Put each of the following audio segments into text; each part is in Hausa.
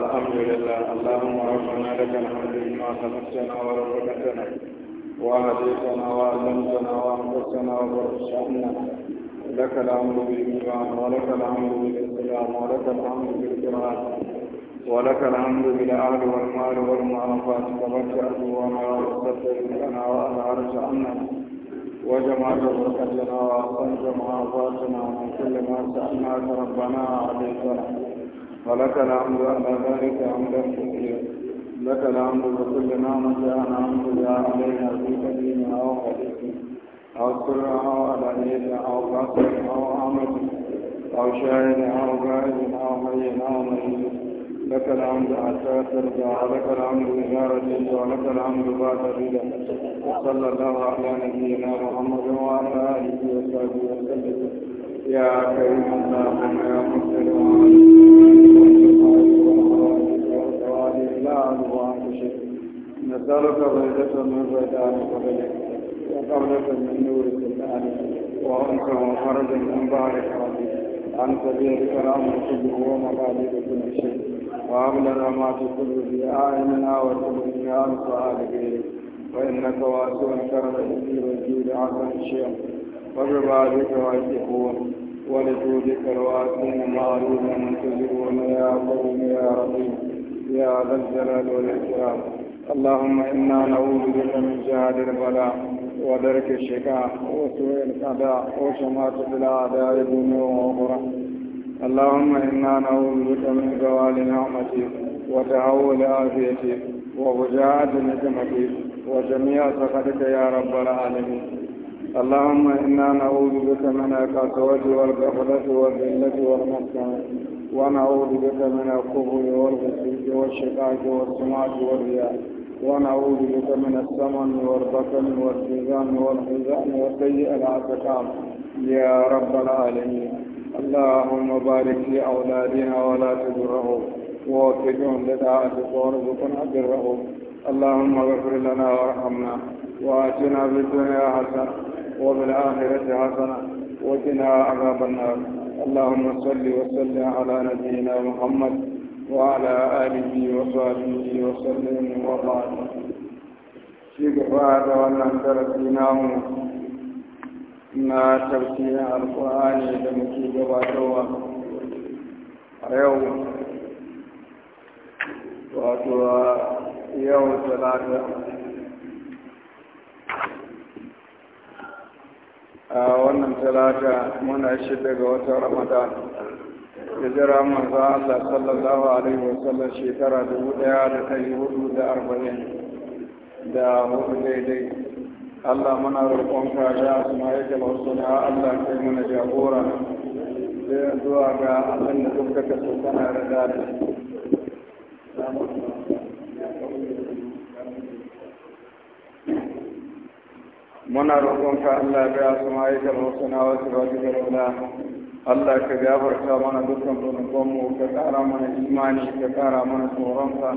الحمد لله اللهم ربنا لك الحمد بما خلقتنا ورزقتنا وهديتنا وعلمتنا وانقذتنا وفرشتنا لك الامر بالايمان ولك الامر بالاسلام ولك الامر بالقران ولك الحمد بالاهل والمال والمعرفات تبكرت وانا واستغفرت لنا واظهرت عنا وجمع بركتنا وأنجم عافاتنا من كل ما سألناك ربنا عليك ولك الحمد على ذلك حمدا كثيرا لك الحمد بكل ما نعمة أنعمت بها علينا في قديم أو حديث أو سر أو علانية أو قصر أو عمل أو شاهد أو غائب أو حي أو ميت لك الحمد حتى ترجع ولك الحمد إذا رجعت ولك الحمد بعد رضا وصلى الله على نبينا محمد وعلى آله وصحبه وسلم يا كريم اللهم يا مغفر لا أعلم عنك شيء نسألك بيضة من بيضاء قبلك وقبلة من نور القرآن وأنت وفرجا من بعد حرامك عن سبيل كرامك ومقاليد كل شيء وهب ما تقول في اعيننا وتقر في امصارك وانك واسع كرم كثير الجود عظم الشيخ وبعبادك واثقون ولجودك الواسعين معروف منتظرون يا قوم يا رقيب يا ذا الجلال والاكرام اللهم انا نعوذ بك من جهاد البلاء ودرك الشكاء وسوء الأداء وشماتة الأعداء دنيا وأخرى اللهم إنا نعوذ بك من زوال نعمتك وتهول عافيتك وفجاءة نقمتك وجميع سخطك يا رب العالمين اللهم إنا نعوذ بك من القسوة والغفلة والذلة والمسكنة ونعوذ بك من الكفر والفسق والشقاء والسمعة والرياء ونعوذ بك من السمن والبطن والحزان والحزان وسيء العتقاب يا رب العالمين اللهم بارك في أولادنا ولا تضرهم ووفقهم لطاعتك وارزقنا برهم اللهم اغفر لنا وارحمنا وآتنا في الدنيا حسنة وفي الآخرة حسنة وقنا عذاب النار اللهم صل وسلم على نبينا محمد وعلى آله وصحبه وسلم وبارك. شيخ فهد وأن درسناه na tafsirin alkur'ani da muke gabatarwa a yau wato yau talata a wannan talata muna shi daga wata ramadan da jira manzo Allah sallallahu alaihi wasallam shekara dubu ɗaya da ɗari hudu da arba'in da hudu daidai Allah muna roƙonka ya asma ya jama na Allah ke mana jagora sai zuwa ga abin da duk ka so kana rada da muna roƙonka Allah ya asma ya jama na wasu rajin da Allah ka gafarta mana dukkan zunubanmu ka ƙara mana imani ka ƙara mana tsoronka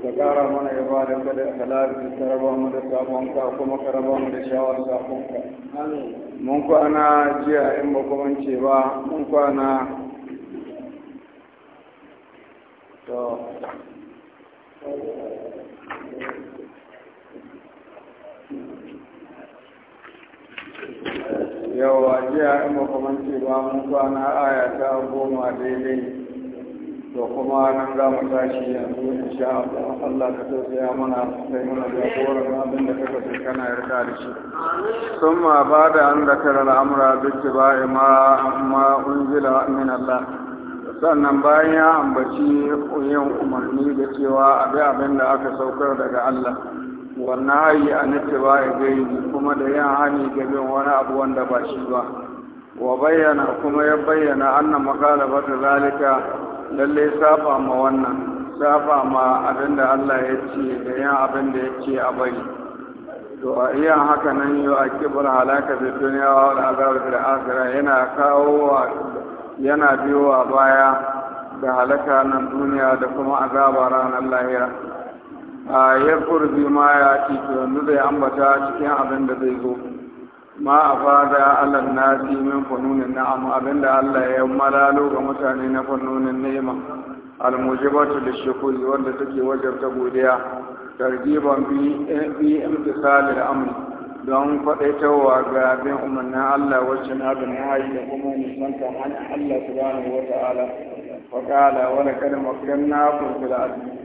ka ƙara mana ibadarka da halarci ka raba mu da sabonka kuma ka raba mu da shawar sabonka mun kwana jiya in ba kuma ce ba mun kwana to Thank you. yau a jiya in makamanci ba mun kwana aya ta goma daidai to kuma nan za mu tashi yanzu in sha Allah ka tausaya mana sai mana jagoran abin da kake sai kana yarda da shi sun ma ba da an zakara al'amura duk ba ma amma unzila min Allah sannan bayan ya ambaci yin umarni da cewa abi abin da aka saukar daga Allah wannan hayi a nace ba ya gai kuma da yin hani ga bin wani abu wanda ba shi ba wa bayyana kuma ya bayyana annan makalaba ta zalika lalle saba ma wannan saba ma abin da Allah ya ce da yin abin da ya ce a bari to a iya haka nan yau a kibar halaka da duniya wa al'azab da akhira yana kawo wa yana biyowa baya da halaka nan duniya da kuma azabar ranar lahira a ya kurzi ya ci yanzu zai ambata cikin abin da zai zo ma a fada allah na min fanunin na'am abin da allah ya malalo ga mutane na fanunin ni'ima almujibatu da shekuri wanda take ta godiya targiban bi imtisal amri amr don faɗaitawa ga bin umarnin Allah wacce na bin hayi da kuma nisanta hannun Allah subhanahu wa ta'ala wa qala wa laqad makkanna a ardi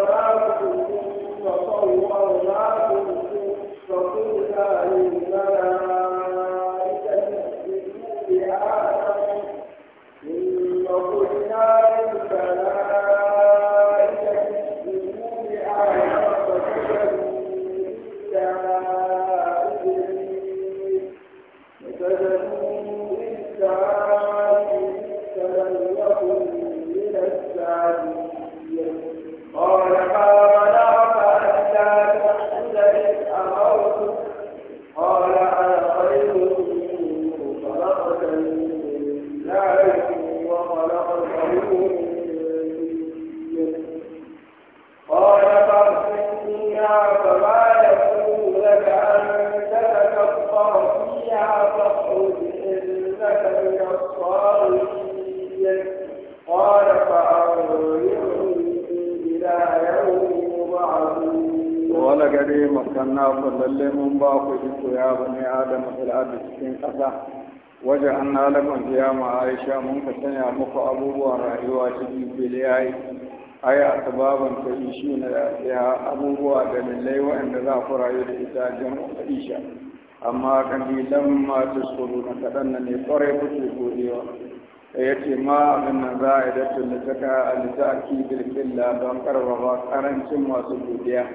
babin kai shi ne ya abubuwa da lallai waɗanda za ku rayu da ita jan isha amma kalilan masu tsoro na kaɗan na ne kwarai kuke godewa ya ce ma abin nan za a yi dattun da saka a lita a kibir killa don karfafa karancin masu godiya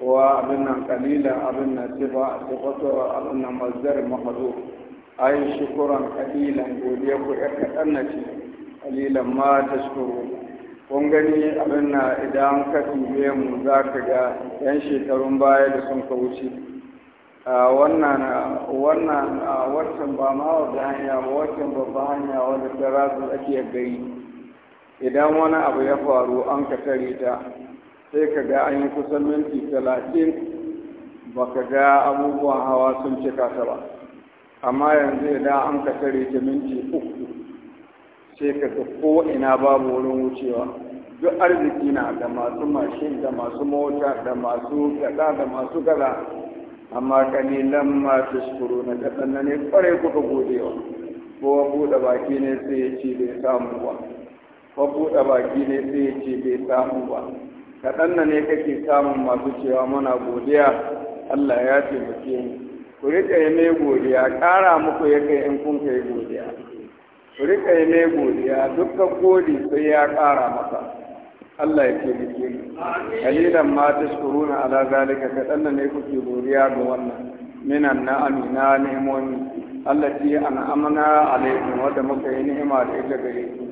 wa abin nan kalilan abin nan sifa sifatu abin nan mazdar a yi shukuran kalilan godiya ku ya kaɗan na ce kalilan ma ta shukuru kun gani abin na idan ka tube mu za ka ga yan shekarun baya da sun ka wuce wannan wannan wancan ba ma wata hanya ba wancan babba hanya wanda ta rasu gari idan wani abu ya faru an ka tare ta sai ka ga an yi kusan minti talatin ba ka ga abubuwan hawa sun cika ta ba amma yanzu idan an ka tare ta minti uku sai ka ga ko ina babu wurin wucewa duk arziki na da masu mashin da masu mota da masu gada da masu gada amma kalilan ma tuskuru na kaɗan na ne kware kuka wa, ko buɗe baki ne sai ya ce bai samu ba ko buɗe baki ne sai ya ce bai samu ba kaɗan na ne kake samun masu cewa mana godiya Allah ya taimake mu ku riƙa yi mai godiya ƙara muku ya kai in kun kai godiya rika yi mai godiya dukkan godi sai ya ƙara masa Allah ya taimake mu kalilan ma tashkuruna ala zalika kadan ne kuke godiya ga wannan minan na na'ami na nemomi allati an amana alaikum wanda muka yi ni'ima da ita gare ku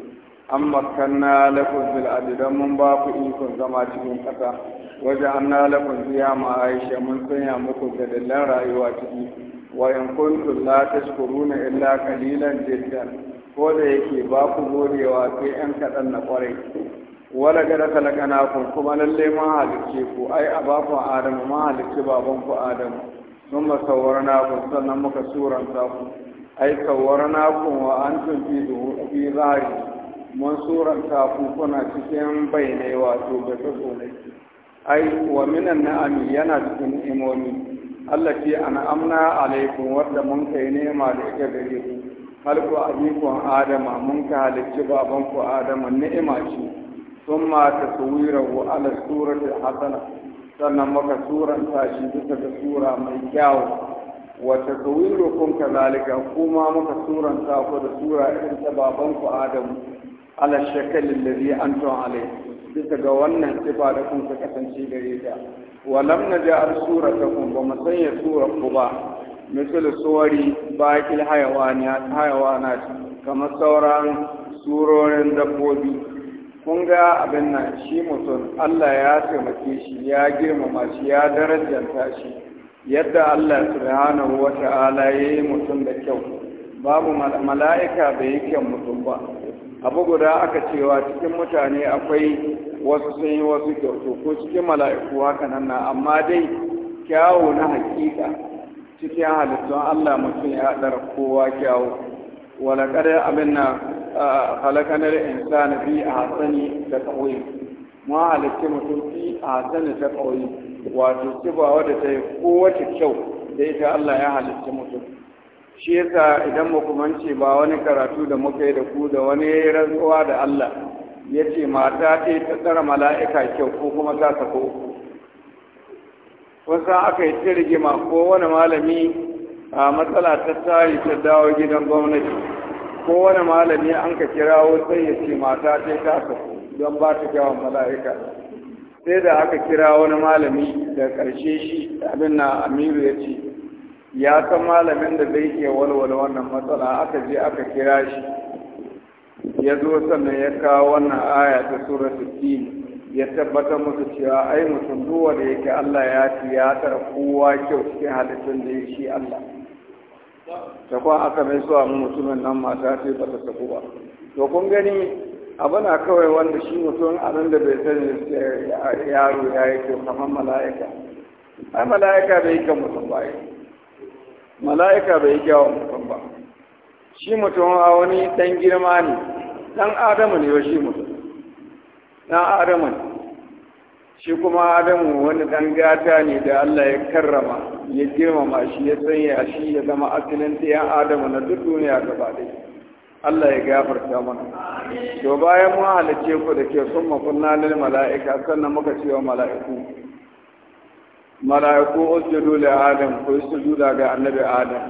an makanna lakum bil adidan mun ba ku ikon zama cikin ƙasa waje an na lakum biya ma aisha mun sanya muku da dallan rayuwa ciki wa in kuntum la tashkuruna illa qalilan jiddan ko da yake ba ku godewa ke ‘yan kaɗan na ƙwarai wala gada na kun kuma lalle ma halicce ku ai a ba ku adamu ma halicce baban ku adamu sun ba na ku sannan muka suranta ku ai na ku wa an tun fi duhu fi zahari mun suranta ku kuna cikin bayanai wato ga tsotsonai ai wa minan na'ami yana cikin imomi Allah ce an amna alaikum wadda mun kai nema da ita gare ku halku abikun adama mun ka halicci babanku adama ni'ima ce sun ma ta tsawirahu ala suratul hasana sannan maka suranta shi bisa ga sura mai kyawu wata ka kazalika kuma muka suranta ku da sura irin ta babanku adamu ala shakalin ladhi antum alayhi bisa ga wannan sifa da kun ka kasance gare ta walam na naj'al suratakum ba mu sanya sura ku ba misali suwari baƙil hayawanat kamar sauran surorin dabbobi kun ga abin nan shi mutum Allah ya taimaki shi ya girmama shi ya darajanta shi yadda Allah subhanahu wa ta'ala ya yi mutum da kyau babu mala'ika da yi kyan mutum ba abu guda aka cewa cikin mutane akwai wasu sun wasu kyautu cikin mala'iku haka nan amma dai kyawu na hakika cikin halittun Allah mutum ya haɗar kowa kyawu walakar abin na halakanar insani fi a hasani da ƙauye mu halitti mutum fi a hasani da ƙauye wato ba wadda ta yi kowace kyau da ita Allah ya halitti mutum shi yasa idan kuma mance ba wani karatu da muka yi da ku da wani ya yi rantsuwa da Allah ya ce mata ta tsara mala'ika kyau ko kuma za ta sako uku wasu aka yi ta rigima ko wani malami a matsala ta tari ta dawo gidan gwamnati ko wani malami an ka kirawo sai ya ce mata ta ta don ba ta kyawun mala'ika sai da aka kira wani malami da karshe shi abin na amiru ya ce ya san malamin da zai iya walwala wannan matsala aka je aka kira shi ya zo sannan ya kawo wannan aya ta sura 60 ya tabbatar musu cewa ai mutum duwa da yake Allah ya ci ya tara kowa kyau cikin halittun da ya shi Allah ta kwan aka mai suwa mu mutumin nan mata ce ba ta tafi ba to kun gani abu na kawai wanda shi mutum abin da bai sani yaro ya yi kyau kamar mala'ika ai mala'ika bai yi kan mutum ba mala'ika bai yi kyawun mutum ba shi mutum a wani dan girma ne dan adamu ne wa shi mutum na adamu shi kuma adamu wani dan gata ne da allah ya karrama ya girmama shi ya sanya shi ya zama asalin 'yan adamu na duk duniya gaba ɗaya Allah ya gafarta mana. To bayan mu halice ku da ke sun makunna lil mala'ika sannan muka ce wa mala'iku. Mala'iku usjudu li Adam ku sujuda ga Annabi Adam.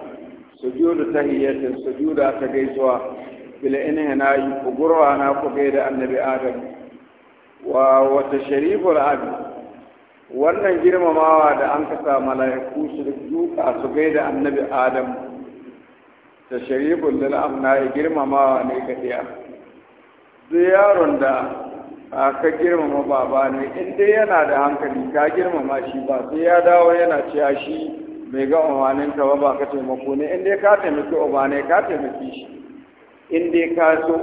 Sujudu tahiyyatin sujuda ta gaisuwa bil inhina'i ku gurwana ku gaida Annabi Adam. wa wata sharifar abi wannan girmamawa da an kasa mala'iku su duka su gaida annabi adam ta sharifar lil na yi girmamawa ne ga ɗaya duk yaron da ka girmama baba ne in dai yana da hankali ka girmama shi ba sai ya dawo yana cewa shi mai ga umarnin ba ba ka taimako ne in dai ka taimaki uba ka taimaki shi in dai ka so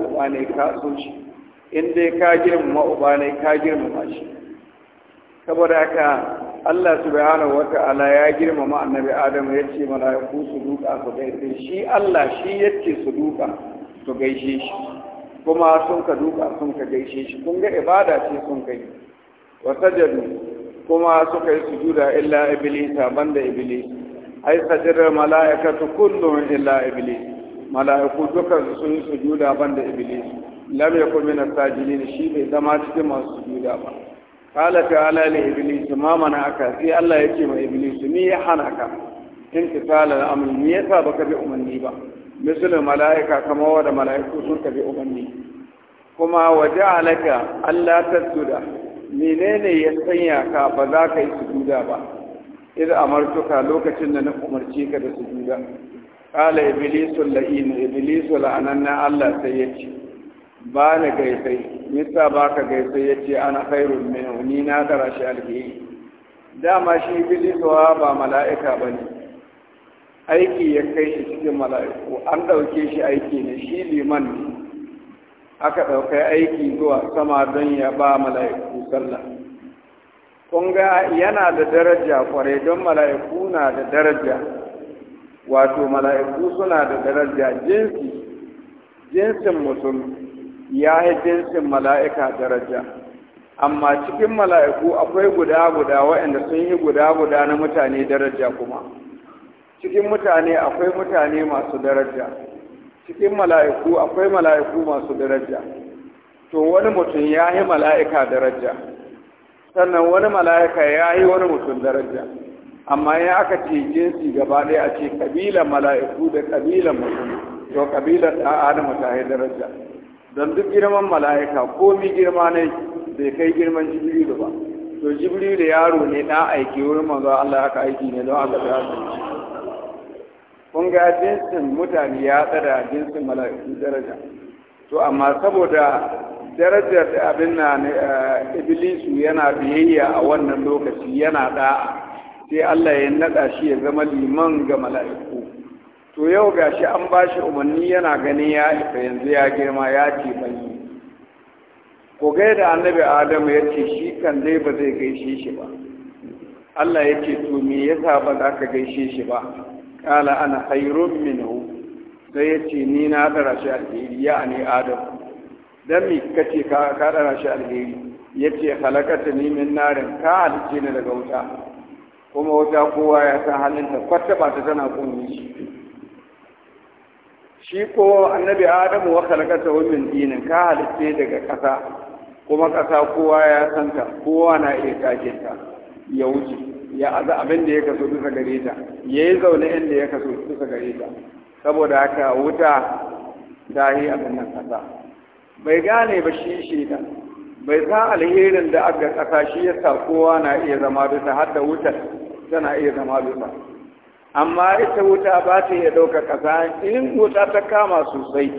ka so shi in dai ka girmama uba ne ka girmama shi saboda haka Allah subhanahu wata'ala ya girmama annabi Adam ya ce mala'iku su duka su gaishe shi Allah shi yake su duka su gaishe shi kuma sun ka duka sun ka gaishe shi kun ga ibada ce sun kai wa sajadu kuma suka yi sujuda illa iblis banda iblis ai sajadar mala'ikatu kullum illa iblis mala'iku duka sun yi sujuda banda iblis lam yakun min as-sajidin shi bai zama cikin masu sujuda ba qala ta'ala li iblis ma mana aka sai Allah yake ma iblis ni ya hana ka intisala al-amr ni yasa baka bi umanni ba misal malaika kama wa da malaiku sun ka bi umanni kuma waja'alaka Allah tasjuda menene ya sanya ka ba za ka yi sujuda ba idan amartuka lokacin da na umarce ka da sujuda qala iblis la'in iblis la'ananna Allah sai yace ba ni gaisai mista ba ka gaisai ya ce ana khairun minu ni na tsara shi alheri dama shi bilisuwa ba mala'ika ba ne aiki ya kai shi cikin mala'iku an ɗauke shi aiki ne shi liman ne aka ɗaukai aiki zuwa sama don ya ba mala'iku sallah kun ga yana da daraja kwarai don mala'iku na da daraja wato mala'iku suna da daraja jinsi jinsin mutum ya yi jinsin mala'ika daraja amma cikin mala'iku akwai guda guda waɗanda sun yi guda guda na mutane daraja kuma cikin mutane akwai mutane masu daraja cikin mala'iku akwai mala'iku masu daraja to wani mutum ya yi mala'ika daraja sannan wani mala'ika ya yi wani mutum daraja amma ya aka ce jinsi gaba ɗaya a ce ƙabilan mala'iku da ƙabilan mutum to ƙabilan ɗan adamu ta yi daraja don duk girman mala'ika ko mi girma ne bai kai girman jibrilu ba to jibrilu yaro ne ɗan aiki wurin manzo Allah haka aiki ne don aka ta yasa kun ga jinsin mutane ya tsada jinsin mala'iku daraja to amma saboda darajar da abin na eh, iblisu yana biyayya a wannan lokaci yana da sai Allah ya naɗa shi ya zama liman ga mala'iku to yau gashi an ba shi umarni yana gani ya isa yanzu ya girma ya ce bani ko gaida annabi adamu ya ce shi kan dai ba zai gaishe shi ba Allah ya ce to me sa ba za ka gaishe shi ba kala ana hayrun minhu sai ya ce ni na dara shi alheri ya ne adamu dan me ka ka ka dara shi alheri Ya ce halakata ni min narin ka halice ni daga wuta kuma wuta kowa ya san halinta ta kwata ba ta tana kunni shi ko annabi adamu wa khalaqata wa min dinin ka halitta daga ƙasa kuma ƙasa kowa ya san ta kowa na iya kake ta ya wuce ya aza abin da ya kaso bisa gare ta ya yi zaune inda ya kaso bisa gare ta saboda haka wuta ta yi a nan ƙasa bai gane ba shi shi bai san alherin da aka ƙasa shi yasa kowa na iya zama bisa har da wutar tana iya zama bisa amma ita wuta ba ta iya ɗauka ƙasa in wuta ta kama sosai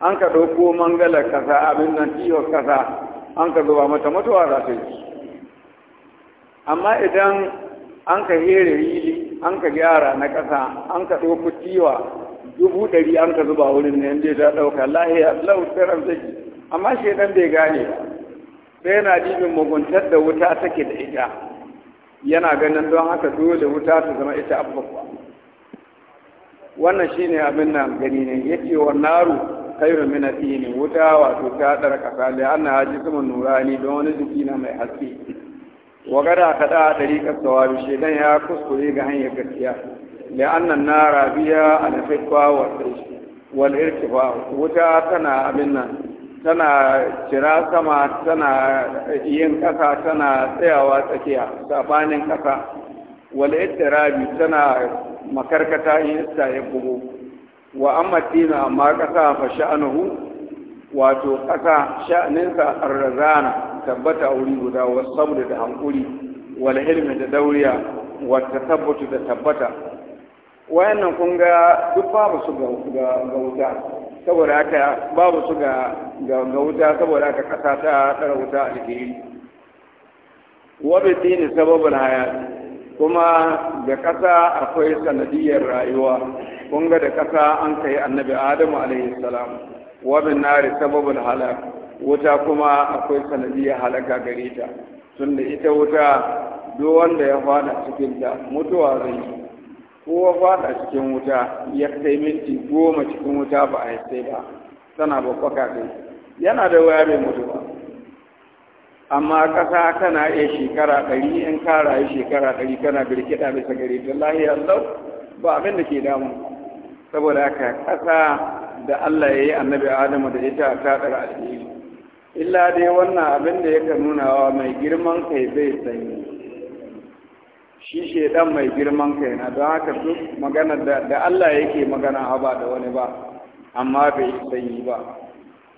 an ka ɗauko mangalar ƙasa abin nan tiyo ƙasa an ka zuba mata mutuwa za ta yi amma idan an ka here rili, an ka gyara na ƙasa an ka ɗauko tiwa dubu ɗari an ka zuba wurin ne inda ta ɗauka lahiya lau tsiran zaki amma shaidan bai gane ba sai yana dibin muguntar da wuta take da ita yana ganin don haka dole wuta ta zama ita abubuwa wannan shine abin nan gani ne ce wa naru kairu mina tini wuta wato ta dar kasa da na haji kuma nurani don wani jiki na mai haske wa gada ta da dariƙar sawabi shedan ya kuskure ga hanyar gaskiya da annan nara biya al shi? wa wal irtifa wuta tana abin nan tana kira sama tana yin ƙasa tana tsayawa tsakiya sabanin ƙasa wal ittirabi tana makarkata yin iska ya bugu wa amma tina amma ƙasa fa sha'anuhu wato ƙasa sha'aninsa arrazana tabbata a wuri guda wa saboda da hankuri wal ilmi da dauriya wa tasabbutu da tabbata wayannan kun ga duk babu su ga wuta saboda haka babu su ga wuta saboda haka kasa ta tsara wuta a jiki wabi tini sababin haya kuma da kasa akwai sanadiyar rayuwa Kunga da kasa an kai annabi adamu alaihi salam wabin nari sababin halak wuta kuma akwai sanadiyar halaka gare ta tunda ita wuta duk wanda ya fada cikin ta mutuwa zai yi kowa fada cikin wuta ya kai minti goma cikin wuta ba a sai ba tana babbaka kai yana da waya mai mutu amma ƙasa kana iya shekara ɗari in ka rayu shekara ɗari kana birkiɗa bisa gare ta lahiya ba abin da ke damu saboda haka ƙasa da Allah ya yi annabi Adamu da ita ta ɗara alheri illa dai wannan abin da yake nunawa mai girman kai zai sanyi shi shaidan mai girman kai na don haka duk magana da Allah yake magana ba da wani ba amma bai sanyi ba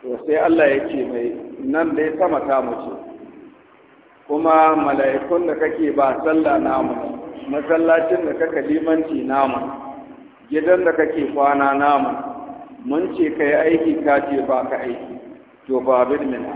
to sai Allah yake mai nan dai sama ta mace kuma mala'ikun da kake ba sallah namu masallacin da kaka limanci namu gidan da kake kwana namu mun ce ka aiki ka ce ba ka aiki to ba bin mina.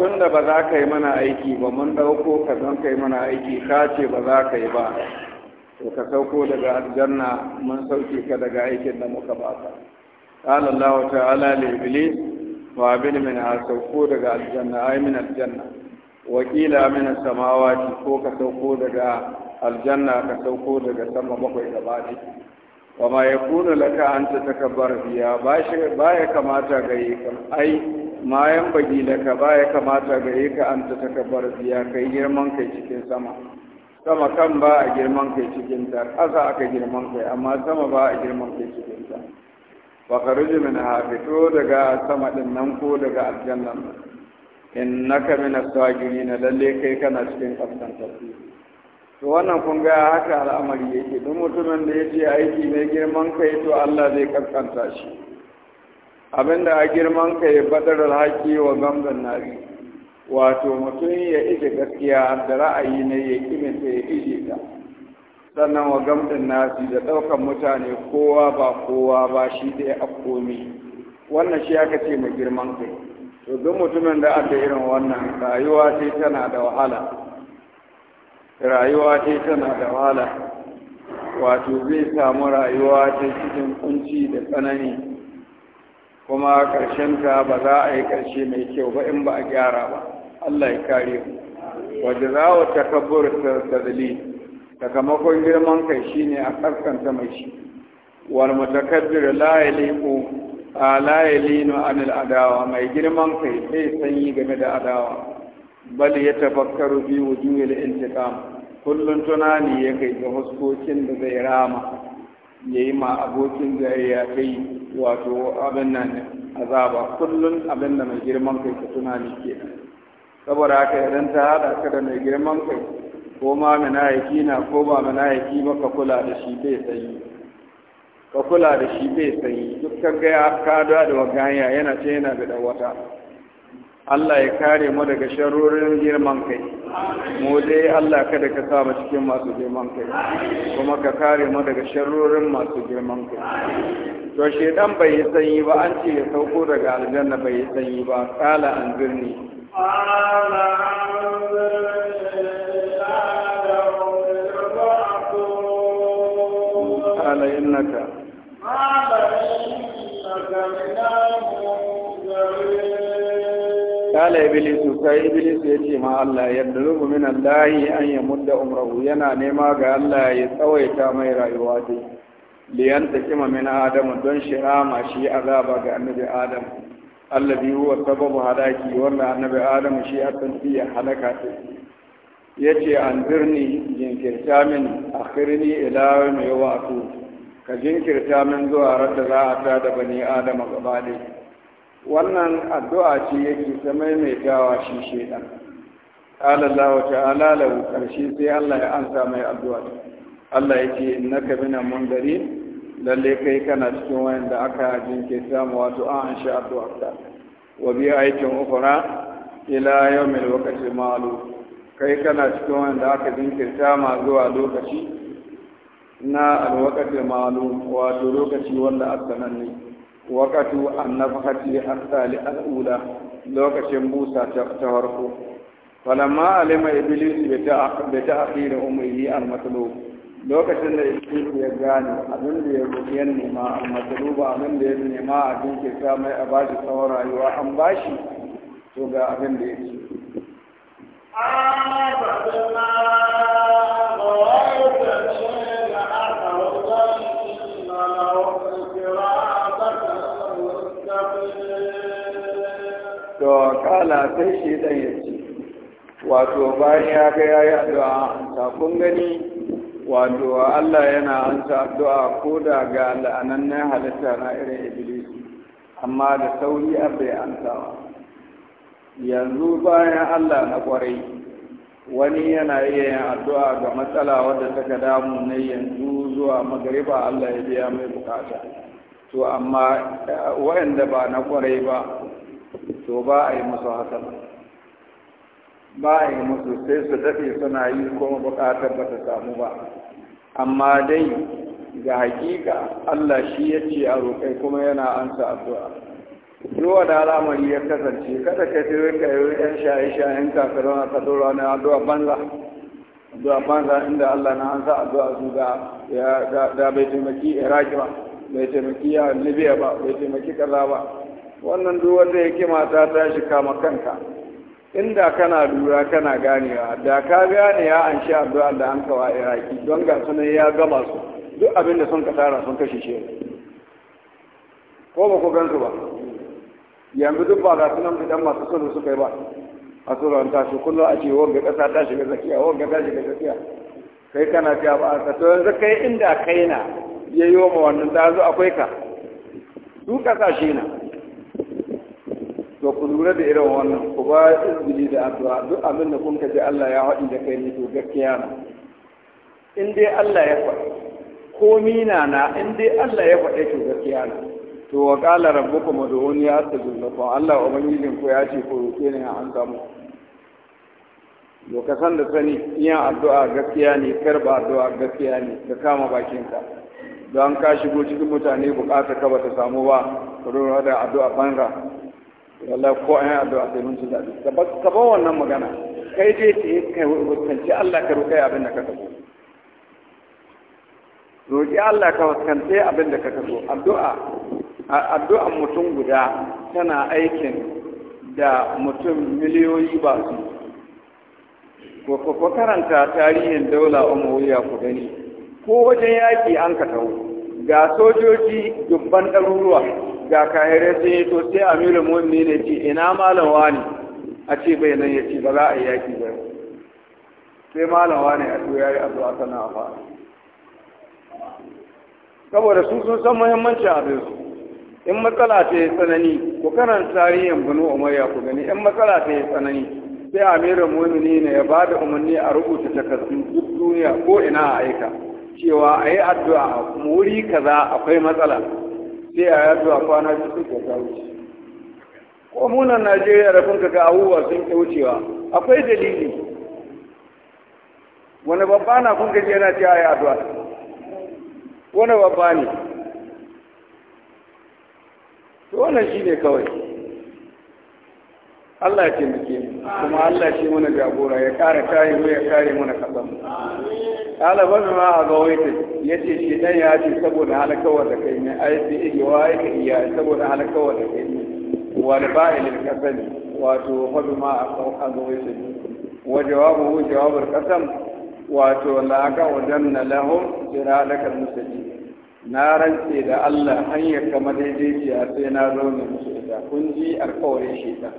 tun da ba za ka yi mana aiki ba mun ɗauko ka zan ka yi mana aiki ka ce ba za ka yi ba to ka sauko daga aljanna mun sauke ka daga aikin da muka ba ka قال الله تعالى لإبليس وابن منها سوقو aljanna الجنة أي من الجنة ko من السماوات فوق aljanna ka الجنة daga sama سما بقوي دباتي Kama ya kuna laka an tatakabbara fiya ba ya kamata ga yi ka ai ma yan bagi laka ba ya kamata gare ka an tatakabbara fiya kai girman kai cikin sama sama kan ba a girman kai cikin ta kasa aka girman kai amma sama ba a girman kai cikin ta wa kharuj min ha fito daga sama din nan ko daga in na innaka min gini na lalle kai kana cikin kaskantar to wannan kun ga haka al'amari yake don mutumin da ya ce aiki mai girman kai to Allah zai kaskanta shi abinda a girman kai badar alhaki wa gamdan nari wato mutum ya ije gaskiya da ra'ayi ne ya kiminta ya ije ta sannan wa gamdan nasi da ɗaukan mutane kowa ba kowa ba shi da ya komi wannan shi aka ce mai girman kai to duk mutumin da aka irin wannan rayuwa sai tana da wahala rayuwa ce tana da wahala wato zai samu rayuwa ce cikin kunci da tsanani kuma ta ba za a yi ƙarshe mai kyau ba in ba a gyara ba Allah ya kare mu wadda za wa takabbur tazali sakamakon girman kai shine a kaskanta mai shi wal mutakabbir la yaliqu a yalinu anil adawa mai girman kai zai sanyi game da adawa bal ya tafakkaru bi wujuhil intiqam kullun tunani ya kai ga huskokin da zai rama ya yi ma abokin da ya kai wato abin nan azaba kullun abin da mai girman kai ka tunani kenan saboda haka idan ta hada ka da mai girman kai ko ma manayaki na ko ba manayaki ba ka kula da shi bai sanyi. ka kula da shi bai sayi duk ka ga ka da ganya, yana ce yana da wata Allah ya kare mu daga sharorin girman kai mu dai Allah kada ka sa mu cikin masu girman kai kuma ka kare mu daga sharorin masu girman kai to shedan bai yi sanyi ba an ce ya sauko daga aljanna bai yi sanyi ba kala anzirni qala قال إنك قال إنك من المنذرين kala iblisu sai iblisu ya ce ma Allah yadda rubu min Allah an ya mudda umrahu yana nema ga Allah ya tsawaita mai rayuwa dai liyan takima min adam don shi rama shi azaba ga annabi adam allazi huwa sababu halaki wanda annabi adam shi a tantiya halaka ta yace an birni jinkirta min akhirni ila mai wato ka jinkirta min zuwa radda za a ta da bani adam gaba ɗaya wannan addu'a ce yake ta maimaitawa shi shaidan qala Allah ta'ala lahu karshe sai Allah ya ansa mai addu'a Allah yake innaka minal mundarin lalle kai kana cikin wanda aka jinkirta samu wato an sha addu'a ta wa bi ayatin ukhra ila yawmil waqti ma'lum kai kana cikin wanda aka jinkirta ma zuwa lokaci na alwaqti malu. wato lokaci wanda aka sananne wakatu annafahati asali al'ula lokacin busa ta farko falamma alima iblis bi ta'khir umrihi al-matlub lokacin da iblis ya gane abin da ya rubuya nema al-matlub abin da ya nema a duke sa mai a bashi tsawon rayuwa an bashi to abin da kala sai shi ya yace wato bayan ya ga ya yi addu'a ta kun gani wato Allah yana ansa addu'a ko da ga la'anannen halitta na irin iblis amma da sauri bai anta wa yanzu bayan Allah na kwarai wani yana iya yin addu'a ga matsala wadda ga damu na yanzu zuwa magariba Allah ya biya mai bukata to amma eh, waɗanda ba na kwarai ba to ba a yi musu haka ba a yi musu sai su dafe suna yi kuma buƙatar ba ta samu ba amma dai ga hakika Allah shi ya ce a roƙai kuma yana ansa addu'a zuwa da al'amari ya kasance kada ka fi rika yi ‘yan shaye-shayen kakarun a kadoro na addu'a banza, addu'a banza inda Allah na an sa addu'a su da bai taimaki Iraki ba, bai taimaki Libya ba, bai taimaki kaza ba, wannan duk wata hikima ta tashi kama kanka inda kana lura kana ganewa da ka gane ya an sha abu da an kawa iraki don ga sunan ya gama su duk abin da sun ka tara sun kashe shi ko ba ku gansu ba yanzu duk ba ga sunan fitan masu sulhu suka yi ba a tsoron tashi kullum a ce wanga ƙasa ta shiga tsakiya wanga ta shiga tsakiya kai kana fiya ba a to yanzu kai inda kai na ya yi wa wannan da akwai ka su ƙasashe na to ku lura da irin wannan ku ba izini da addu'a duk abin da kun ji Allah ya haɗi da kai ne to gaskiya na in dai Allah ya faɗi komi na na in dai Allah ya faɗi to gaskiya na to wa qala rabbukum ud'uni astajib lakum Allah ubangijin ku ya ce ku roke ni an samu to ka san da sani yin addu'a gaskiya ne kar ba addu'a gaskiya ne ka kama bakinka don ka shigo cikin mutane bukata ka bata samu ba ka da addu'a banza wallahi ko an addu'a sai mun ji dadi ka ba wannan magana kai dai ce kai wustanci Allah ka roƙi abin da ka kaso roƙi Allah ka wustanci abin da ka kaso addu'a addu'a mutum guda tana aikin da mutum miliyoyi ba su ko ko karanta tarihin daula umuriya ku gani ko wajen yaƙi an ka tawo ga sojoji dubban ɗaruruwa ga kahirai sun yi to sai amirin mummuni ne ce ina malam wani a ce bai nan ya ce ba za a yi yaƙi ba sai malam wani a to ya yi addu'a sana saboda su sun san muhimmancin abin su in matsala ta yi tsanani ku karan tarihin bunu umayya ku gani in matsala ta yi tsanani sai amirin mummuni ne ya ba da umarni a rubuta takardu duk duniya ko ina a aika cewa a yi addu'a a wuri kaza akwai matsala sai a yi addu'a kwana su suke ta wuce ko munan najeriya da kun ga abubuwa sun ta wucewa akwai dalili wani babba na kun gaji yana ce a yi addu'a wani babba ne to wannan shi ne kawai Allah ya taimake mu kuma Allah shi mana jagora ya kare kayan mu ya kare mana kasan mu ɗaliban ma a gawaitin ya ce shi ɗan ya ce saboda halakawar da kai ne ai fi iya wa ya iya saboda halakawar da kai ne wani ba'ilin kasan wato hadu ma a gawaitin wa jawabu jawabar kasan wato ka wajen na lahun jira da lakar musulmi na rantse da Allah hanyar kama daidaiciya sai na zo zaune musu ita kun ji alkawarin shaitan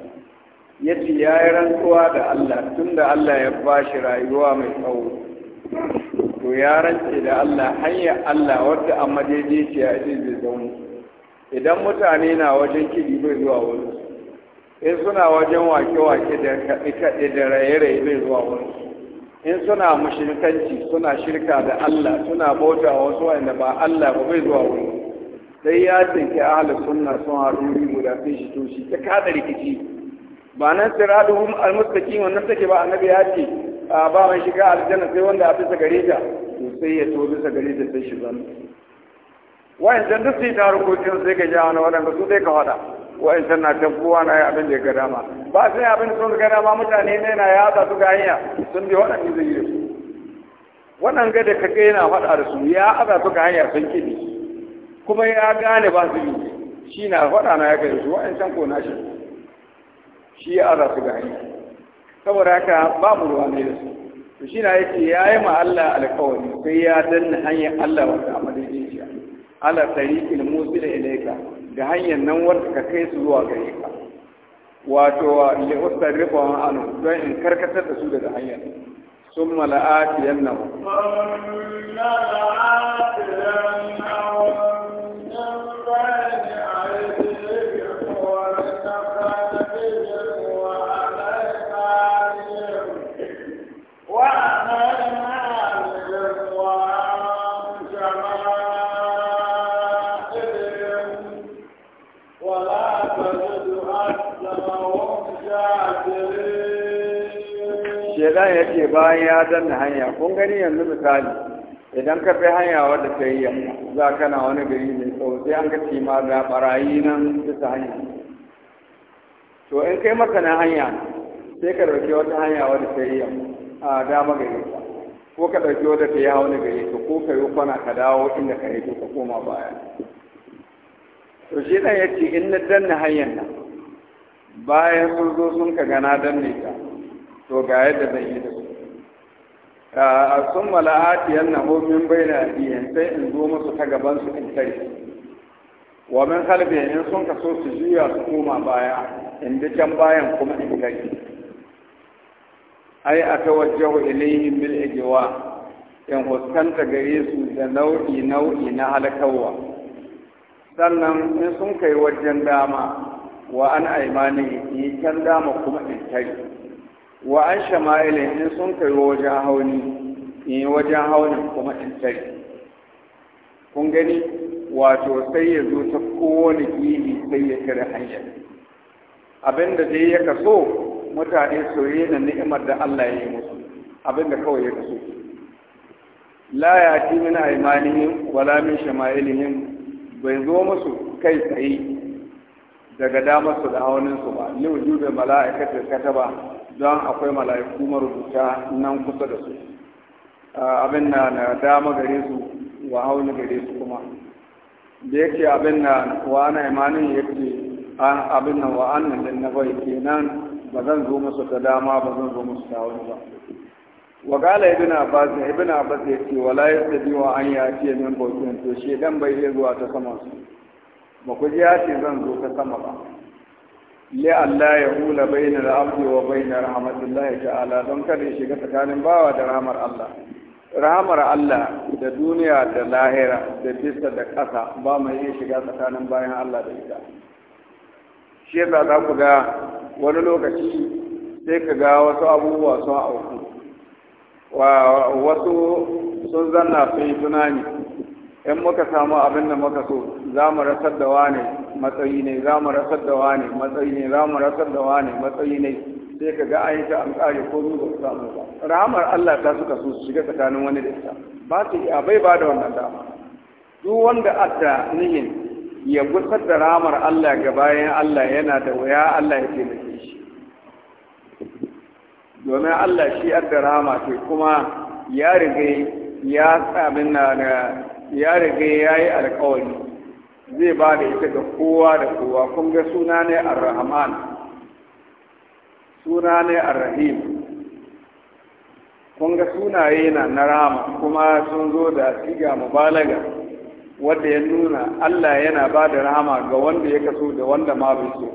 ya ce ya yi rantsuwa da Allah tun da Allah ya ba shi rayuwa mai tsawo to ya rance da Allah hanyar Allah wadda a madaidaiciya ce zai zaune idan mutane na wajen kiri bai zuwa wani in suna wajen wake-wake da kaɗe-kaɗe da raye-raye bai zuwa wani in suna mashirkanci suna shirka da Allah suna bauta wasu wanda ba Allah ba bai zuwa wani sai ya tsinke ahalus sunna sun haɗu guda sun shi to shi ta kada rikici ba nan siraduhum almustaqim wannan take ba annabi ya ce a ba mai shiga aljanna sai wanda a bisa gare ta to sai ya to bisa gare ta sai shiga wayan can duk sai ta rukokin sai ka ja na waɗanda su sai ka faɗa wayan san na can kowa na yi abin da ya ga dama ba sai abin da sun ga dama mutane ne na yatsa su ga hanya sun bi waɗanda zai yi da su wannan ga da kaga yana faɗa da su ya aza su ga hanya sun kiɗi kuma ya gane ba su yi shi na faɗa na ya gare su wayan can ko na shi shi ya aza su ga hanyar saboda haka babu ruwa ne da su to shi na yake ya yi ma Allah alkawari sai ya danna hanyar Allah wata amalin jijiya ala tariqil musil ilayka da hanyar nan wanda ka kai su zuwa gare ka wato li wa an don in karkatar da su daga hanyar Sun mala'a summa ya ce bayan ya danna hanya kun gani yanzu misali idan ka fi hanya wadda ta yi yamma za ka na wani gari mai tsawo sai an ka ce ma ga barayi nan bisa hanya to in kai maka na hanya sai ka ɗauki wata hanya wadda ta yi yamma a dama gari ko ka ɗauki wadda ta yi hawa wani gari to ko ka yi kwana ka dawo inda ka yi to ka koma baya to shi ɗan ya ce in na danna hanyar nan bayan sun zo sun ka gana danne ta to ga yadda zan yi da su a sun mala'ati yan nahomin bai na biyan sai in zo musu ta gaban su in kai wa min halbe in sun kaso su juya su koma baya in bi can bayan kuma in kai ai a tawajjahu ilayhim bil ijwa in huskanta gare su da nau'i nau'i na halakawa sannan in sun kai wajen dama wa an aimani yi can dama kuma in kai wa an shama'ilin in sun kai wajen hauni in yi wajen haunin kuma in tare kun gani wato sai ya zo ta kowane gini sai ya kare hanyar abinda dai ya kaso mutane soye na ni'imar da Allah ya yi musu abinda kawai ya kaso la ya ti min aimanihim wala min shama'ilihim bai zo musu kai tsaye daga damar su da hauninsu su ba ni wujudu mala'ikatu ba. don akwai mala'iku marubuta nan kusa da su abin na na dama gare su wa hauni gare su kuma da yake abin na wa ana imanin ya fi abin na wa annan da na bai ke nan ba zan zo musu ta dama ba zan zo musu ta wani ba wa gala ibn abbas ibn abbas yace wala ce wa an yati min bawtin to dan bai iya zuwa ta sama su ba ku ji ya ce zan zo ta sama ba Allah ya hula al abdi wa bayna rahmatillah ta'ala don kada ya shiga tsakanin bawa da rahmar Allah rahmar Allah da duniya da lahira da bisa da ƙasa ba mai iya shiga tsakanin bayan Allah da ita shi yasa za ku ga wani lokaci sai ka ga wasu abubuwa sun auku wasu sun zanna sun yi tunani in muka samu abin da muka so za mu rasar da wane matsayi ne za mu rasar da wane matsayi ne za mu rasar da wane matsayi ne sai ka ga an yi ta an kare ko ba su samu ba rahamar Allah ta suka so su shiga tsakanin wani da ita ba su iya bai ba da wannan dama duk wanda a nihin ya gusar da rahamar Allah ga bayan Allah yana da wuya Allah ya taimake shi domin Allah shi adda rahama ce kuma ya riga ya tsamin na ya riga ya yi alkawari zai ba da ita ga kowa da kowa kun ga suna ne ar-rahman suna ne ar-rahim kun ga sunaye na na rama kuma sun zo da siga mubalaga wanda ya nuna Allah yana ba da rama ga wanda ya kaso da wanda ma bai so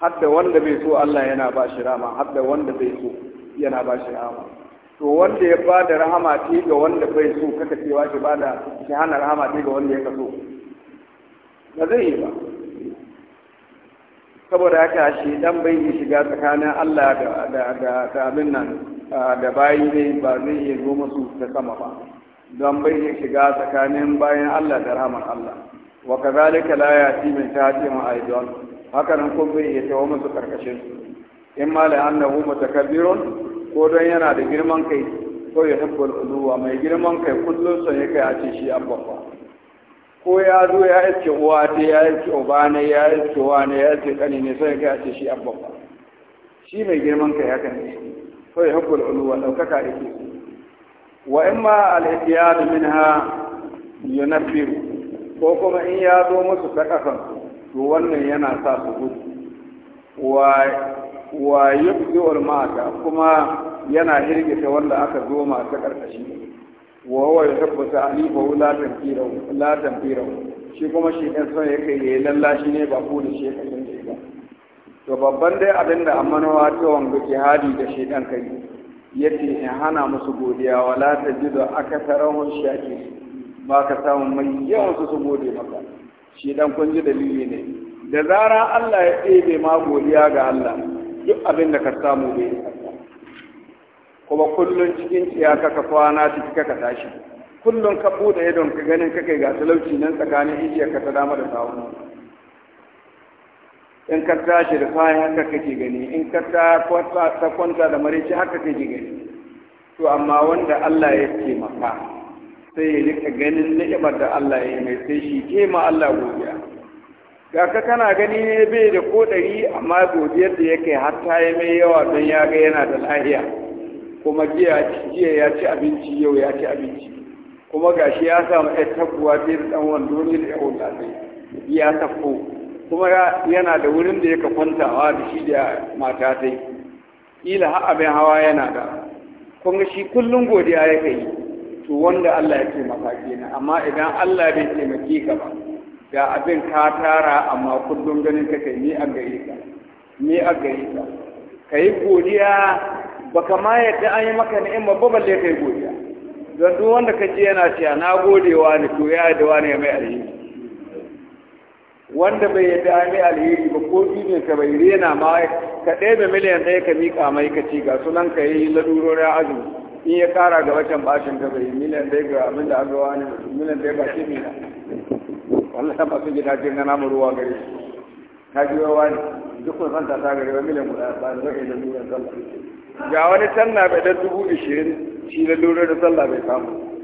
hadda wanda bai so Allah yana ba shi rama hadda wanda bai so yana ba shi rama to wanda ya ba da rahama ce ga wanda bai so kaka cewa shi ba da shi hana rahama ce ga wanda ya kaso ba zai yi ba saboda haka shi dan bai yi shiga tsakanin Allah da da da abin nan da bayi ne ba zai iya zo musu ta sama ba don bai yi shiga tsakanin bayan Allah da rahaman Allah wa kazalika la yati min tahtihim aidon haka nan kun bai iya tawo musu karkashin in ma la annahu mutakabbirun ko don yana da girman kai ko ya hibbul uluwa mai girman kai kullum son ya kai a ce shi abban ba ko ya zo ya iske uwa ce ya iske uba ne ya iske uwa ne ya iske kani ne son ya kai a ce shi abban ba shi mai girman kai haka ne ko ya hibbul uluwa ɗaukaka yake wa in ma ha ihtiyad minha yunabbiru ko kuma in ya zo musu ta kasan to wannan yana sa su gudu wa wa yubdi'ul mata kuma yana hirgita wanda aka zo masu karkashi wa huwa yuhibbu ta'lifahu la tanfirahu la tanfirahu shi kuma shi dan son yake yayi lallashi ne ba ku da shi ya da ba to babban dai abin da amanawa ta wanga jihadi da shi dan kai yace in hana musu godiya wa la tajidu akatharahum shakir ba ka samu mai yawan su su gode maka shi dan kun ji dalili ne da zarar Allah ya ɗebe ma godiya ga Allah duk abin da ka samu ne kuma kullum cikin tsiya kaka kwana ka kaka tashi kullum ka bude idon ka ganin kake ga talauci nan tsakanin ijiyar ka ta dama da sawu in ka tashi da fayin haka kake gani in ka ta kwanta da marici haka kake gani to amma wanda Allah ya ce maka sai ya rika ganin ni'imar da Allah ya yi mai sai shi ke ma Allah godiya ga kana gani ne bai da ko ɗari amma godiyar da yake ta ya mai yawa don ya ga yana da lahiya kuma jiya ya ci abinci yau ya ci abinci kuma gashi ya samu ɗan tabbuwa sai da ɗan wani ne da yawon sai ya sako kuma yana da wurin da yake kwantawa da shi da mata ta ila har abin hawa yana da kun shi kullum godiya yake yi to wanda Allah ya taimaka kenan amma idan Allah bai taimake ka ba ga abin ka tara amma kullum ganin ka kai ni a gari ka ni a gari ka ka yi godiya ba ka ma yadda an yi maka ni'ima ba balle kai godiya don duk wanda ka ji yana cewa na godewa ne to ya yadda wani ya mai alheri wanda bai yadda an mai alheri ba ko duniya ka bai rena ma ka ɗaya miliyan ɗaya ka miƙa mai ka ci ga sunan ka yi ladurorin azumi in ya kara ga wajen bashin ka bai miliyan ɗaya ga abin da aka wani miliyan ɗaya ga shi miliyan wallahi masu gidajen na namu ruwa gare su ta ji yawa ne duk kun santa ta gare ba miliyan guda ba da zai da miliyan sallah ga wani can na bai da dubu ishirin shi da lura da sallah bai samu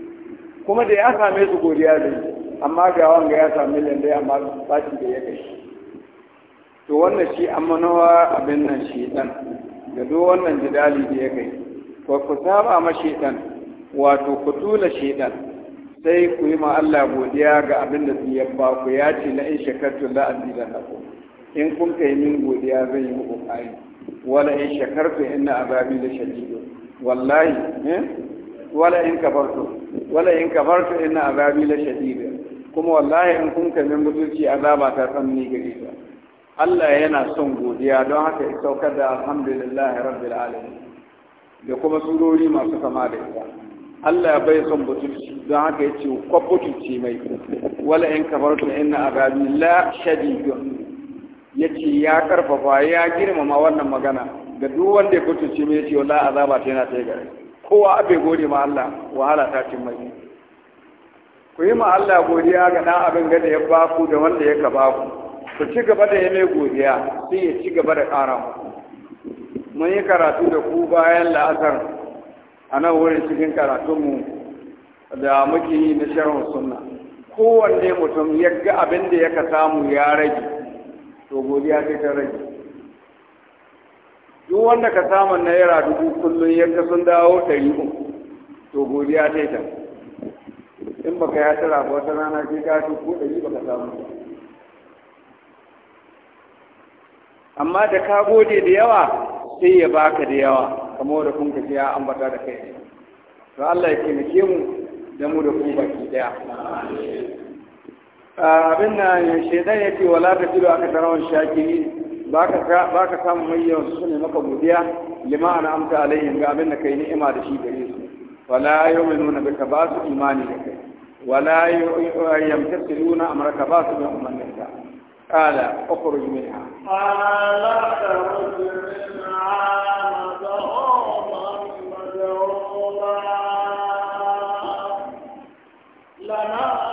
kuma da ya same su godiya da yi amma ga wanga ya samu miliyan da ba shi da ya kai to wannan shi amma nawa abin nan shi dan da duk wannan jidali da ya kai ko ku saba ma shi dan wato ku tula shi dan sai ku yi ma Allah godiya ga abin da su yabba ku ya ce na in shakartu la azida lakum in kun kai min godiya zan yi muku kai wala in shakartu inna azabi la shadid wallahi eh wala in kafartu wala in kafartu inna azabi la shadid kuma wallahi in kun kai min mutunci azaba ta tsanni gare ta Allah yana son godiya don haka ya saukar da alhamdulillahi rabbil alamin da kuma surori masu kama da ita Allah bai son butulci don haka ya ce kwa butulci mai wala in kafartu inna abadi la shadidun ce ya karfafa ya girmama wannan magana ga duk wanda ya butulci mai ce wala azaba ta yana ta gare kowa abe gode ma Allah wahala ta cin mai ku yi ma Allah godiya ga dan abin da ya ba ku da wanda ya gaba ku ku ci gaba da ya godiya sai ya ci gaba da ƙara mun yi karatu da ku bayan la'asar a nan wurin cikin karatunmu da muke yi na sharhun sunna kowanne mutum ya ga abin da ya samu ya rage to godiya sai ta rage duk wanda ka samu naira dubu kullum ya sun dawo ɗari uku to godiya sai ta in baka ya tara ba wata rana sai ka ko ɗari baka samu ba amma da ka gode da yawa sai ya baka da yawa kamar da kun kace ya ambata da kai to Allah ya taimake mu da mu da ku baki daya abin nan shedan ya ce wala ta tilo aka tarawon shakiri ba ka samu mai yawan su ne maka godiya lima ana amsa alaihim ga abin da kai ni'ima da shi gare su wala yu'minuna bika ba su imani da kai wala yamtasiluna amraka ba su bin umarninka قال اخرج منها قال اخرج منها مدعوما مدعوما لنا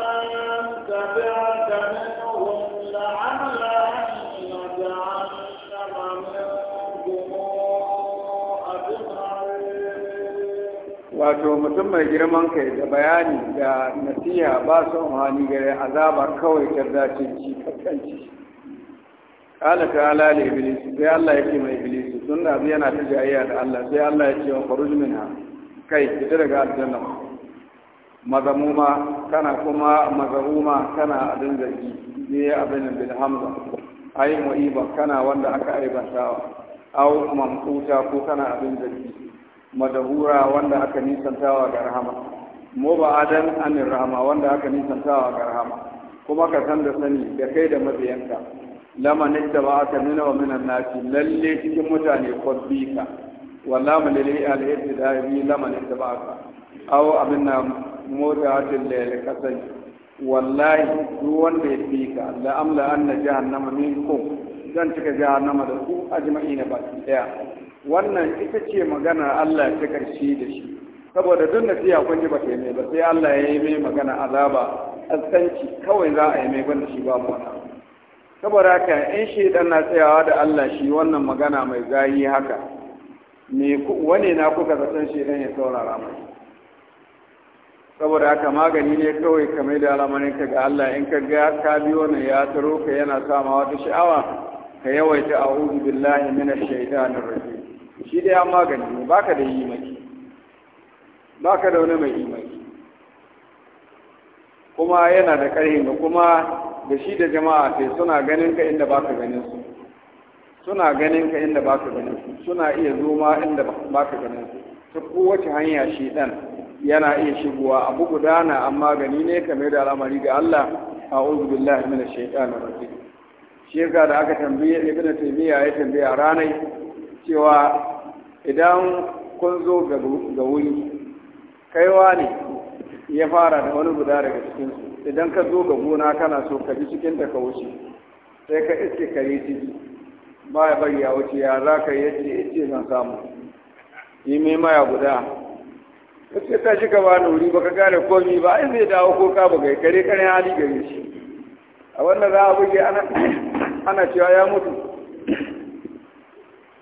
wato mutum mai girman kai da bayani da nasiha ba su amfani gare azaba kawai ta dace ci kaskanci kala ta ala da iblis sai Allah ya ce mai iblis tun da yana ta jayayya da Allah sai Allah ya ce wa faruj minha kai fita daga aljanna mazamuma kana kuma mazamuma kana abin zargi ne abin bil hamza ayi mu'iba kana wanda aka aibantawa au mamkuta ko kana abin zargi madahura wanda aka nisantawa ga rahama mubadan anir rahama wanda aka nisantawa ga rahama kuma ka san da sani da kai da mabiyanka lamanin da ba aka nuna wa minan nasi lalle cikin mutane kwabbika wallahu lillahi al-ibtidai lamanin da ba aka aw abinna mutawatil lil kasai wallahi duk wanda ya fi ka la amla anna jahannama minkum zan cika jahannama da ku ajma'ina baki daya wannan ita ce magana Allah ta karshe da shi saboda duk nasiha kun ji ba ta mai ba sai Allah ya yi mai magana azaba azanci kawai za a yi mai banda shi ba mu saboda haka in shi dan na tsayawa da Allah shi wannan magana mai zayi haka me wane na kuka zaton shi dan ya saurara mai saboda haka magani ne kawai kamar da alamarin ka ga Allah in ka ga ka bi wannan ya taro ka yana sama wata sha'awa ka yawaita a'udhu billahi minash shaitanir shi dai an magani ne ba ka da yi maki ba ka da wani mai yi maki kuma yana da ƙarfi da kuma da shi da jama'a sai suna ganin ka inda ba ka ganin su suna ganin ka inda ba ka ganin su suna iya zo ma inda ba ka ganin su ta kowace hanya shi ɗan yana iya shigowa abu gudana an magani ne kamar da al'amari ga Allah a'udhu billahi minash shaitanir rajim shi da aka tambaye ibnu taymiya ya tambaya ranai cewa idan kun zo ga wuri kaiwa ne ya fara da wani guda daga cikinsu idan ka zo ga gona kana so ka bi cikin da ka wuce sai ka iske kare ciki ba ya bari ya wuce ya za ka yace ice zan samu yi mai maya guda kace ta shi gaba da wuri baka gane komi ba ai zai dawo ko ka bugai kare kare hali gare shi a wannan za a buge ana cewa ya mutu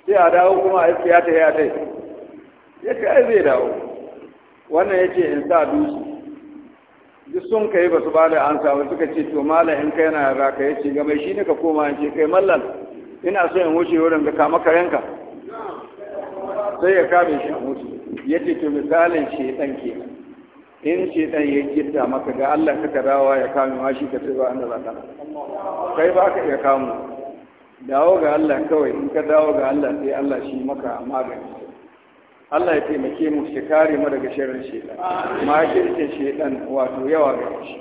sai a dawo kuma a ya ta ya ta ya ka ai zai dawo wannan ya ce in sa dusu duk sun kai ba su ba da an samu suka ce to mala in kai na za ka yace ga mai shi ne ka koma in ce kai mallan ina so in wuce wurin ga kama karenka sai ya kame shi a mutu ya ce to misalin shedan ke in shedan ya gidda maka ga Allah ka dawa ya kame ma shi ka ce ba an da zaka kai ba ka iya kamu dawo ga Allah kawai in ka dawo ga Allah sai Allah shi maka magani Allah ya taimake mu shi kare mu daga shirin shedan makircin shaitan wato yawa ga shi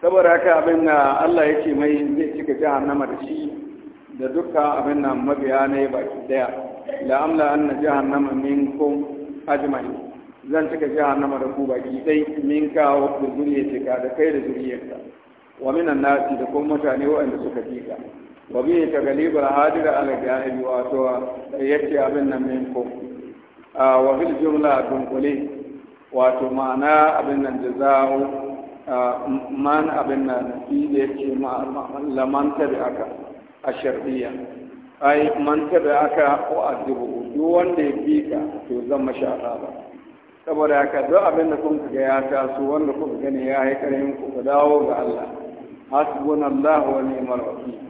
saboda haka abin da Allah ya ce mai zai cika jahannama da shi da dukkan abin nan mabiya yi baki daya la'amla anna jahannama minkum ajma'in zan cika jahannama da ku baki dai min kawo da cika da kai da zuriyarka wa minan nasi da kuma mutane waɗanda suka fika wa bi ta galibar hadira ala jahili wato yace abin nan min ko wa fil jumla tunquli wato ma'ana abin nan jazao man abin nan shi da yake laman tabi aka a shar'iyya ai man tabi aka ko azibu duk wanda ya fika to zan masha ba saboda haka duk abin da kun ga ya taso wanda kuka gani ya yi ƙarfin ku dawo ga Allah حسبنا الله ونعم الوكيل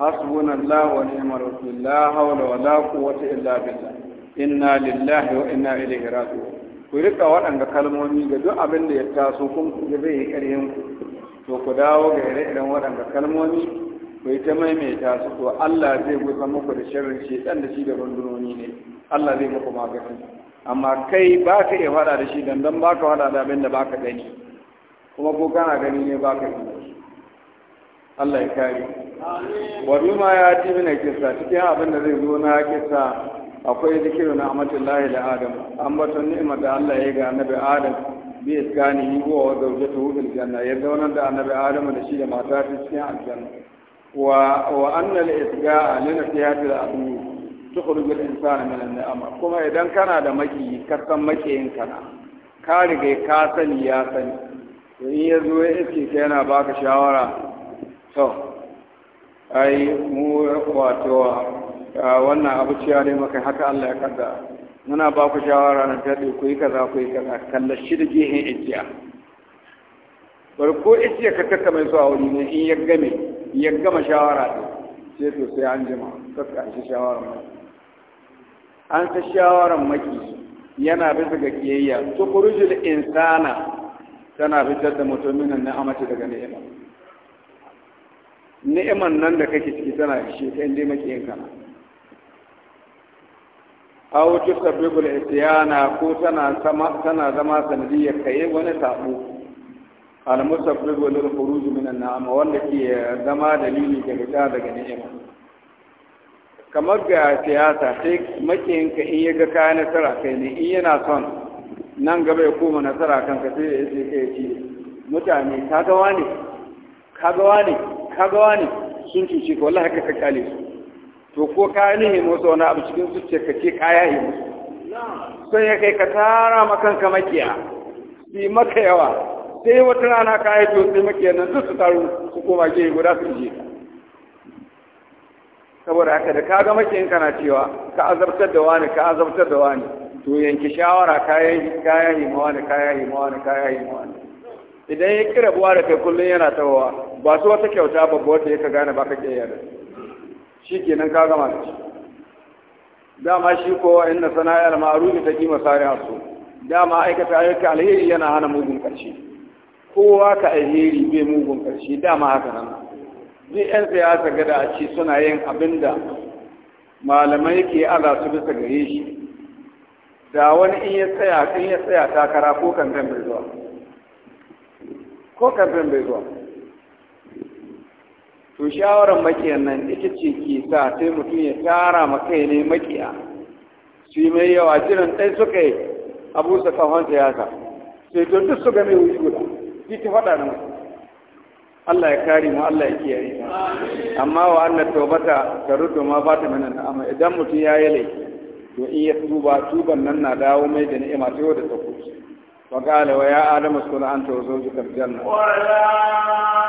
حسبنا الله ونعم الوكيل لا حول ولا قوة إلا بالله إنا لله وإنا إليه راجعون ku rika waɗanda kalmomi ga duk abin da ya taso kun kuɗi zai yi ƙarhin ku to ku dawo ga ire-iren waɗanda kalmomi ku yi ta maimaita su to Allah zai gusa muku da shi shedan da shi da rundunoni ne Allah zai muku magani amma kai ba ka iya faɗa da shi dan dan ba ka faɗa da abin da ba ka gani kuma ko kana gani ne ba ka gani Allah ya kare wa bima ya ti mina kisa cikin abin da zai zo na kisa akwai zikirin na amatullahi da adam ambaton ni'imar da Allah ya ga annabi adam bi iskani yi wa ta fil janna ya zaunar da annabi adam da shi da mata ta cikin aljanna wa wa anna al isga'a lana fi hadhihi al adu tukhruju al insana min al ni'ama kuma idan kana da maki ka san makiyin kana ka riga ka sani ya sani in ya zo ya iske yana baka shawara to ai mu wato wannan abu ciya ne maka haka Allah ya kada muna ba ku shawara na daɗe ku yi kaza ku yi kaza kalla shi da gehen ijiya bari ko ijiya ka kaka mai zuwa wuri ne in ya game ya gama shawara ne. sai to sai an jima kaka shi shawara maki an ta shawaran maki yana bisa ga kiyayya kurujul insana tana fitar da mutumin na amince daga ni'ima ni'iman nan da kake ciki tana ishe ka inda makiyin kana aw tusabbibul isyana ko tana sama tana zama sanadiyar kai wani sabo al musabbibul khuruj min an-na'am wanda ke zama dalili ga fita daga ni'ima kamar ga siyasa sai makiyin ka in ya ga kayan nasara kai ne in yana son nan gaba ya koma nasara kanka sai ya ce kai ci mutane ka ga wani ka gawa wani kaga wani sun cuce ka wallahi haka ka kale su to ko ka nihe musu wani abu cikin ce ka ce kaya yi musu sun ya kai ka tara makan ka makiya su maka yawa sai wata rana ka to sai makiya nan duk su taru su koma yi guda su je saboda haka da kaga makiyan kana cewa ka azabtar da wani ka azabtar da wani to yanki shawara kayan kayan himawa ne kayan himawa ne yi himawa ne idan ya kira buwa da kai kullum yana tawowa ba su wata kyauta babba wata ya ka gane ba ka ke da shi ke nan ka gama da shi dama shi kowa inna sana'ar ma'arufi ta kima sare hasu dama aikata ayyuka alheri yana hana mugun ƙarshe kowa ka alheri bai mugun ƙarshe dama haka nan Zai 'yan siyasa gada a ce suna yin abin da malamai ke ala su bisa gare shi da wani in ya tsaya in ya tsaya takara ko kan gan zuwa ko karfin bai zuwa to shawarar makiyan nan ita ce ke sa sai mutum ya tara makai ne makiya su yi mai yawa jiran ɗai suka yi abu su kawon siyasa sai to duk su game wuce guda shi ta faɗa nan Allah ya kare mu Allah ya kiyaye amma wa Allah taubata ta rudu ma ba ta mana amma idan mutum ya yi laifi to in ya tuba tuban nan na dawo mai da ni'ima ta yau da ta وقال ويا آدم اسكن أنت وزوجك الجنة ويا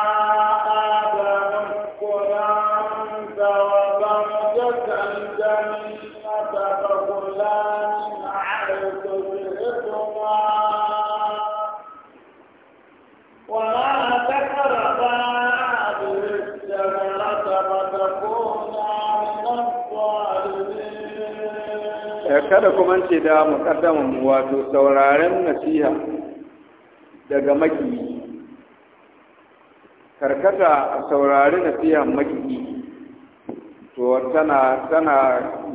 kada kuma ce da mu wato sauraren nasiha daga makiyi karkata a saurari nasiha makiyi to tana tana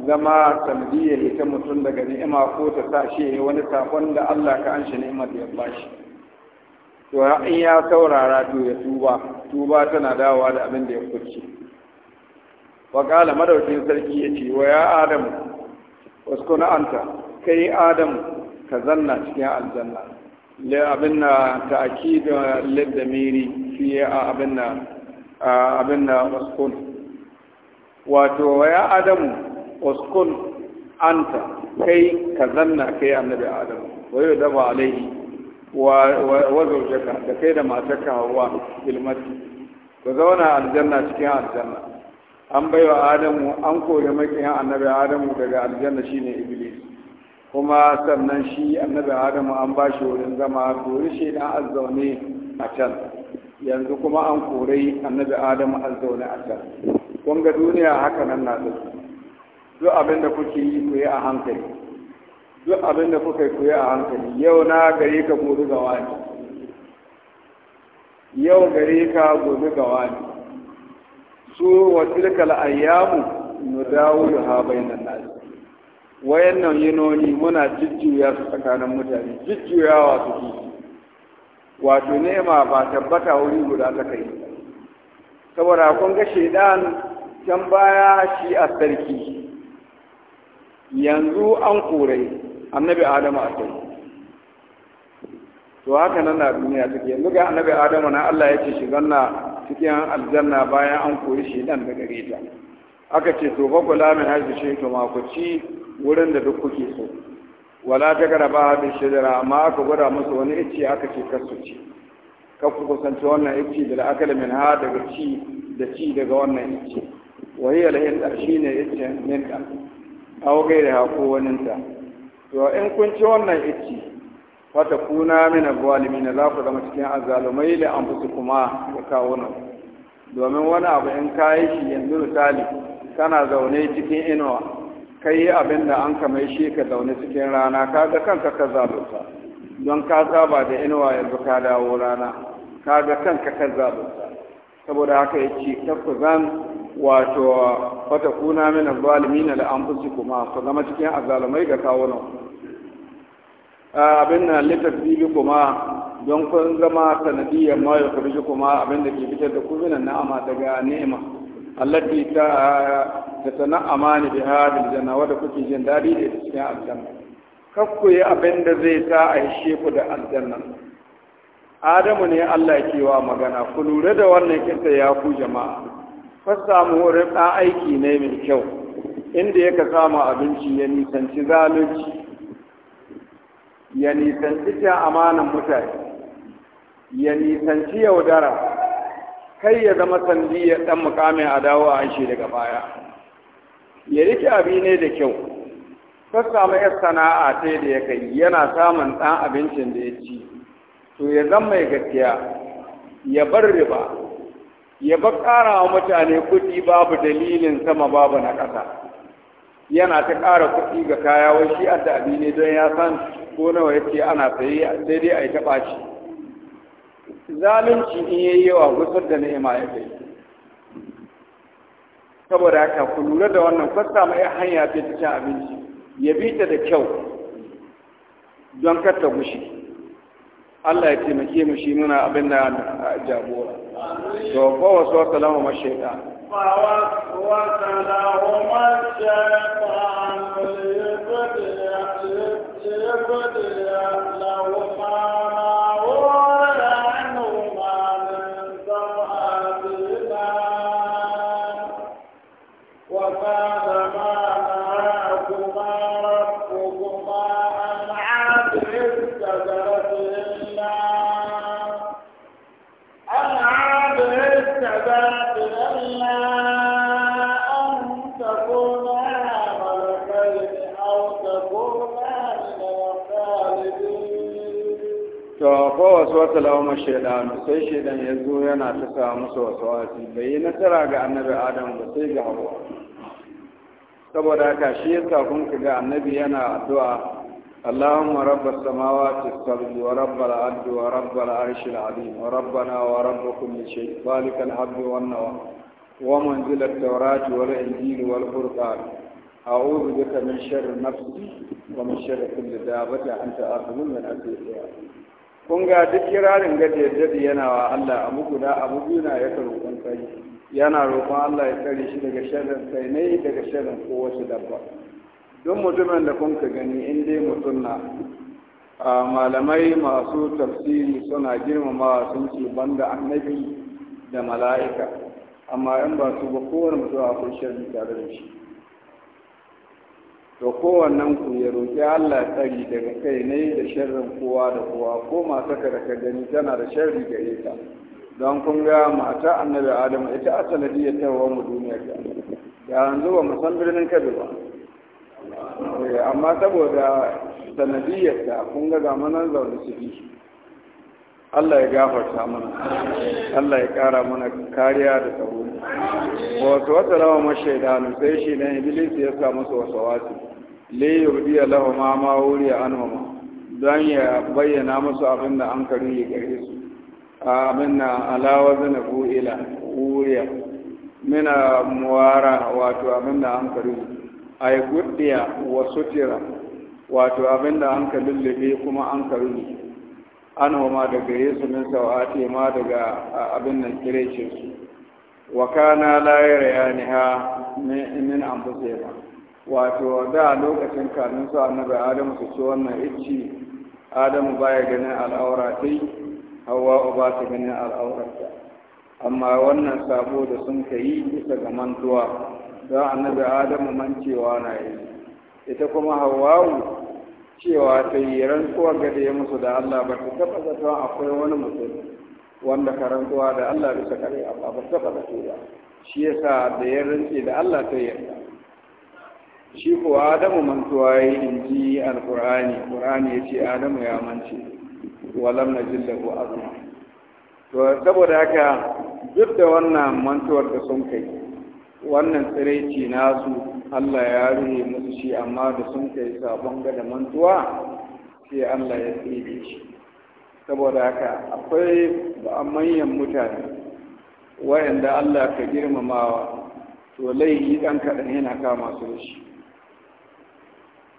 zama sanadiyar ita mutum daga ni'ima ko ta sa shi wani sakon da Allah ka anshi ni'imar da ya bashi to in ya saurara to ya tuba tuba tana dawowa da abin da ya kuce wa kala madaukin sarki yace wa ya adamu wasu na anta kai adam ka zanna cikin aljanna le abin na ta'akid lidamiri miri fiye a abin na wasu wato ya adam uskun anta kai ka zanna kai annabi adam wayo ba alaihi wa zaujaka da kai da matakawa ilmati ka ku zauna aljanna cikin aljanna an bai wa adamu an kore makiyan annabi adamu daga aljanna shine iblis kuma sannan shi annabi adamu an ba shi wurin zama kore shi dan azzaune a can yanzu kuma an kore annabi adamu azzaune a can kun ga duniya haka nan na duk duk abin da kuke yi ku yi a hankali duk abin da kuka yi ku yi a hankali yau na gare ka gobe ga wani yau gare ka gobe ga wani su wa tilkal ayyamu nudawilu ha bainan nas wayannan yinoni muna jujjuya su tsakanin mutane jujjuyawa su ki wato nema ba tabbata wuri guda ta kai saboda kun ga shaidan can baya shi a sarki yanzu an korai annabi adamu a sarki. to haka nan na duniya take yanzu ga annabi adamu na Allah ya ce shigan na cikin aljanna bayan an kori shi nan da gare ta aka ce to fa kula min haifi shi to ma ku ci wurin da duk kuke so wala ta garaba da shajara amma aka gwada musu wani icce aka ce su ci ka ku kusanci wannan icce da aka min ha daga ci da ci daga wannan icce wahiyar hinda shi ne iccen ka a wagai da haƙo ta to in kun ci wannan icce wata kuna mina na za ku zama cikin azalumai da an fusu kuma ya kawo nan domin wani abu in ka yi shi yanzu misali kana zaune cikin inuwa kai yi abin da an kama shi ka zaune cikin rana ka ga kanka ka zalunta don ka saba da inuwa yanzu ka dawo rana ka ga kanka ka zalunta saboda haka ya ce ta ku zan wato wata kuna mina na da an fusu kuma ku zama cikin azalumai ga kawo nan Ah, abin nan littafi kuma don kun zama sanadiyar ma ya kurji kuma abin da ke fitar da ku na na'ama daga ni'ima allati ta ta sana amani bi hadil janna wanda kuke jin dadi da cikin aljanna kar ku yi abin da zai sa a hishe ku da aljanna adamu ne Allah ke wa magana ku lura da wannan kinta ya ku jama'a fa samu wurin aiki ne mai kyau inda yaka samu abinci ya nisanci zalunci ya nisanci cin amanan mutane ya nisanci yaudara kai ya zama ya ɗan mukamin a dawo a hanshi daga baya ya rike abi ne da kyau ta samu yar sana'a ta da ya kai yana samun ɗan abincin da ya ci to ya zama mai gaskiya ya bar riba ya ba wa mutane kuɗi babu dalilin sama babu na ƙasa yana ta ƙara kuɗi ga kaya wai shi a daɗi ne don ya san ko nawa ya ce ana saye daidai a yi taɓa shi zalunci in yayi yawa gusar da ni'ima ya kai saboda haka ku lura da wannan kwasta mai hanya ta ta cin abinci ya bi ta da kyau don kar gushi Allah ya taimake mu shi muna abin da ya jagora to kowa salama ma فوسوس لهما الشيطان ليبدي لهما wasa lahuma shaidanu sai shaidan ya zo yana ta sa musu wasu wasi bai yi nasara ga annabi adam ba sai ga hawa saboda haka shi yasa kun ga annabi yana addu'a اللهم رب السماوات السبع ورب العبد ورب العرش العظيم وربنا ورب كل شيء خالق الحب والنوى ومنزل التوراة والإنجيل والقرآن أعوذ بك من شر نفسي ومن شر كل دابة أنت آخذ من أسيرها kun ga duk kirarin gaje jadi yana wa Allah abu guda abu biyu na ya roƙon kai yana roƙon Allah ya tsare shi daga shirin kai ne daga sharrin kowace dabba don mutumin da kun ka gani in dai mutum na malamai masu tafsiri suna girmama sun ce banda annabi da mala'ika amma in ba su ba kowane mutum kun shirin tare da shi to kowannen ku ya roƙi Allah tsari daga kai ne da sharrin kowa da kowa ko masu da ka gani tana da sharri gare ta don kun ga mata annabi adamu ita asaladi ya tawa mu duniya da yanzu ba mu san birnin kabi ba eh, amma saboda sanadiyar ta kun ga zamanin zaune su bi Allah ya gafarta mana Allah ya kara mana kariya da tsaro wasu wata rawa mashaidanu sai shi na iblis ya samu musu wasu wasu le yurdiya lahu ma ma wuri anhum don ya bayyana musu abin da an karu ya gare su abin na alawa zana ila wuriya mina muwara wato abin da an karu ay gudiya wa sutira wato abin da an ka lullube kuma an ka rufe an ma daga yesu min sawati ma daga abin nan kirece su wa kana la yariha min anfusihim wato da lokacin kanin su annabi adamu su ci wannan icci adamu baya ganin al'aura sai hawa ba ta ganin al'aurarta amma wannan sabo da sun ka yi bisa ga mantuwa don annabi adamu mancewa na yi ita kuma hawawu cewa ta yi kuwa gade ya musu da allah ba ta taɓa zata akwai wani mutum wanda ka rantsuwa da allah bisa kare amma ba ta taɓa zato ba shi yasa da ya rantse da allah ta yarda shi ko adamu mantuwa ya yi inji alkur'ani ƙur'ani ya ce adamu ya mance walam na ko azuma to saboda haka duk da wannan mantuwar da sun kai wannan tsiraici nasu allah ya rufe musu shi amma da sun kai sabon ga da mantuwa sai allah ya tsire shi saboda haka akwai manyan mutane wayanda allah ka girmamawa to laifi ɗan kaɗan yana kama su da shi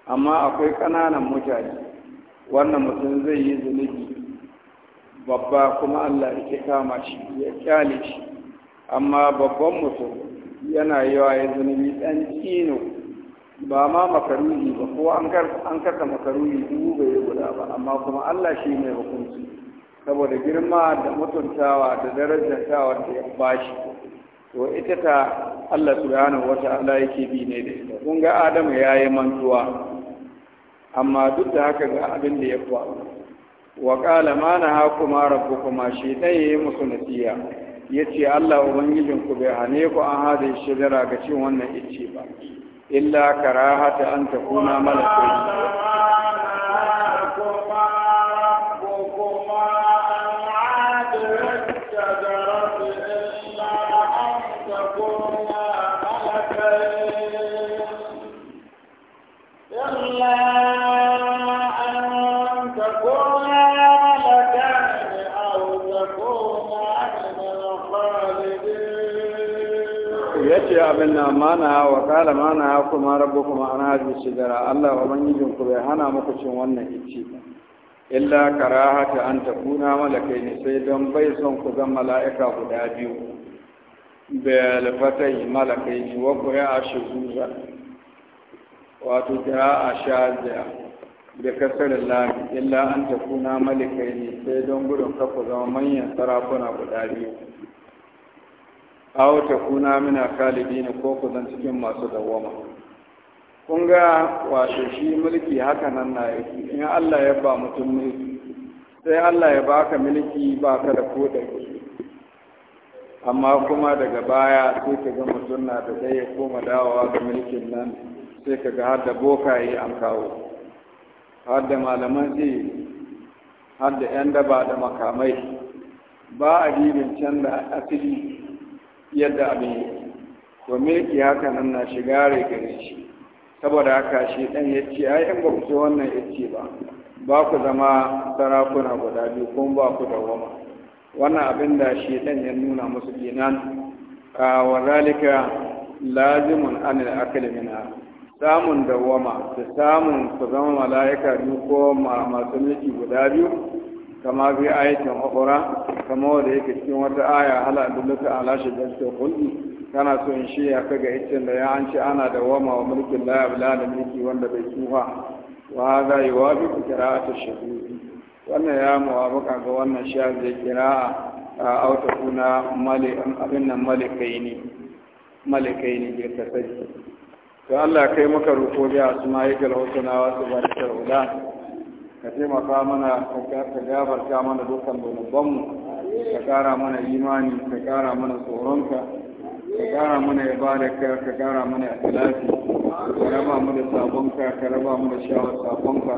amma akwai ƙananan mutane wannan mutum zai yi zunubi babba kuma Allah ya kama shi ya kyale shi amma babban mutum yana yawa ya zunubi ɗan tsino ba ma makaruni ba ko an karta makaruni dubu bai guda ba amma kuma Allah shi mai hukunci saboda girma da mutuntawa da tawa da ya bashi to ita ta Allah subhanahu Allah yake bi ne da ita kun ga Adamu yi mantuwa amma duk da haka ga abin da ya faru wa qala ma naha kuma rabbukuma shi dai yayi musu nasiya yace Allah ubangijin ku bai hane ku an hada shajara ga cin wannan icce ba illa karahata an takuna malakai ce abin na mana wa kala mana kuma rabu kuma ana hajji shigara Allah wa manjijin ku bai hana muku cin wannan ici illa karahata an takuna malakai ne sai don bai son ku zan mala'ika guda biyu bil fatai malakai ne wa ku ya shuzuza wato kira a shaziya da kasar lami illa an takuna malakai ne sai don gudun kafa zama manyan sarakuna guda biyu aw ta kuna mina kalibina ko ku zan cikin masu dawama kun ga wato shi mulki haka nan na yake in Allah ya ba mutum mulki sai Allah ya baka mulki baka da ko da amma kuma daga baya sai ka ga mutum na da dai ya koma dawowa ga mulkin nan sai ka ga har da bokaye an kawo har da malaman zai har da 'yan daba da makamai ba a dibin can da asili yadda abin yi to milki haka nan na shiga rai gare shi saboda haka shi dan ya ce ai in ba ku so wannan ya ba ba ku zama sarakuna guda biyu kuma ba ku da goma wannan abin da shi dan ya nuna musu kenan wa zalika lazimun anil akali minha samun dawama da samun ku zama mala'ika biyu ko masu mulki guda biyu kama fi ayatin haƙura kama wanda yake cikin wata aya hala dulluka ala shajar ta kulli kana so in shi ya ga iccen da ya an ana da wama wa mulkin la da mulki wanda bai tsufa wa hadha yuwafiqu qira'atu shafi'i wannan ya muwafaka ga wannan shafi da kira a takuna malikan abin nan malikaini malikaini bil kasai to Allah kai maka ruko bi asma'ikal husna wa sifatil ula ka taimaka mana ka gabarta mana dukkan zunubanmu ka kara mana imani ka kara mana tsoronka ka kara mana ibadarka ka kara mana ikhlasi ka raba mu da sabonka ka raba mu da shawar sabonka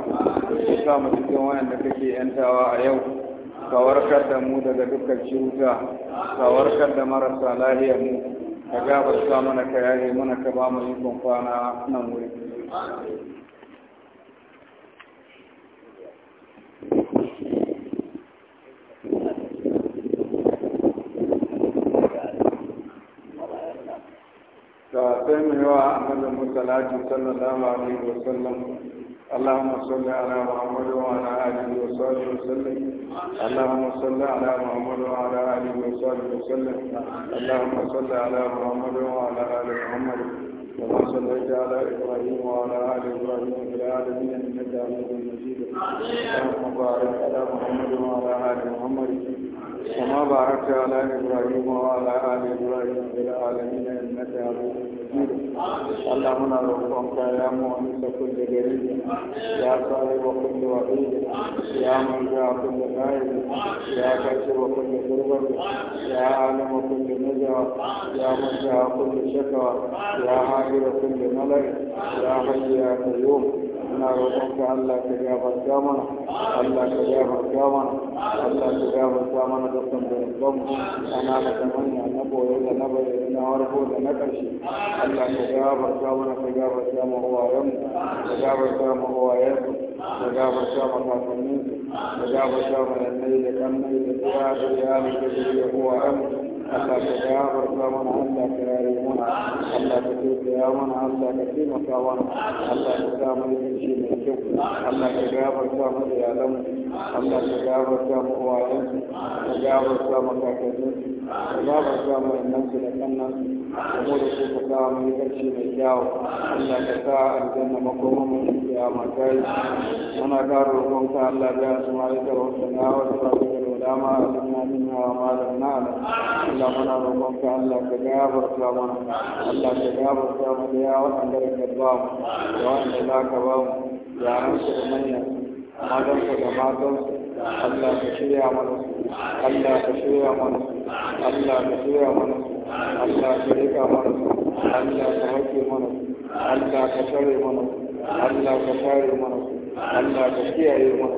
ka sa mu cikin wayanda kake yantawa a yau ka warkar da mu daga dukkan ciwuka ka warkar da marasa lahiyar mu ka gabarta mana ka yaye mana ka ba mu ikon kwana nan wuri sai mu yawa annabi musallati sallallahu alaihi wa sallam اللهم صل على محمد وعلى اله وصحبه وسلم اللهم صل على محمد وعلى اله وصحبه وسلم اللهم صل على محمد وعلى ال محمد كما صليت على ابراهيم وعلى ال ابراهيم في العالمين انك حميد مجيد اللهم بارك على محمد وعلى ال محمد كما باركت على إبراهيم وعلى آل إبراهيم في العالمين إنك حميد مجيد اللهم نرجوك يا مؤنس كل جريد يا صاحب كل وحيد يا من جاء كل غائب يا كشف كل كربة يا عالم كل نجوى يا من جاء كل شكوى يا هاجر كل ملك يا حي يا قيوم muna roƙonka Allah ka gafarta mana Allah ka gafarta mana Allah ka gafarta mana dukkan zunuban mu ana da kamanya na boye da na bayyana na harko da na ƙarshe Allah ka gafarta mana ka gafarta mu uwayen ka gafarta mu uwayen ka gafarta mu kakannin ka gafarta mu da da kannai da tsaya da iyalin da ke uwayen Allah ka gafarta mana Allah ka yare mana Allah ka tausaya mana Allah ka taimaka mana Allah ka sa mu yanci mai kyau Allah ka gafarta mu iyalan mu Allah ka gafarta mu uwayen ka gafarta mu kakannin ya ba su mu nan su da kannan da su ka sa karshe mai kyau Allah ka sa aljanna makoma mu ya ma kai muna ƙara roƙon ka Allah ya su ma da wasu na wasu ba su da dama a duniya na hawa ma da na Allah muna roƙon ka Allah ka ga barka mana Allah ka ga barka mu da ya wanda ka ba mu da ka ba mu yaran su da manyan matan su da su Allah ka shirya mana Allah ka shirya mana Allah ka shirya mana Allah ka rika mana Allah ka hake mana Allah ka tare mana Allah ka tare mana Allah ka kiyaye mana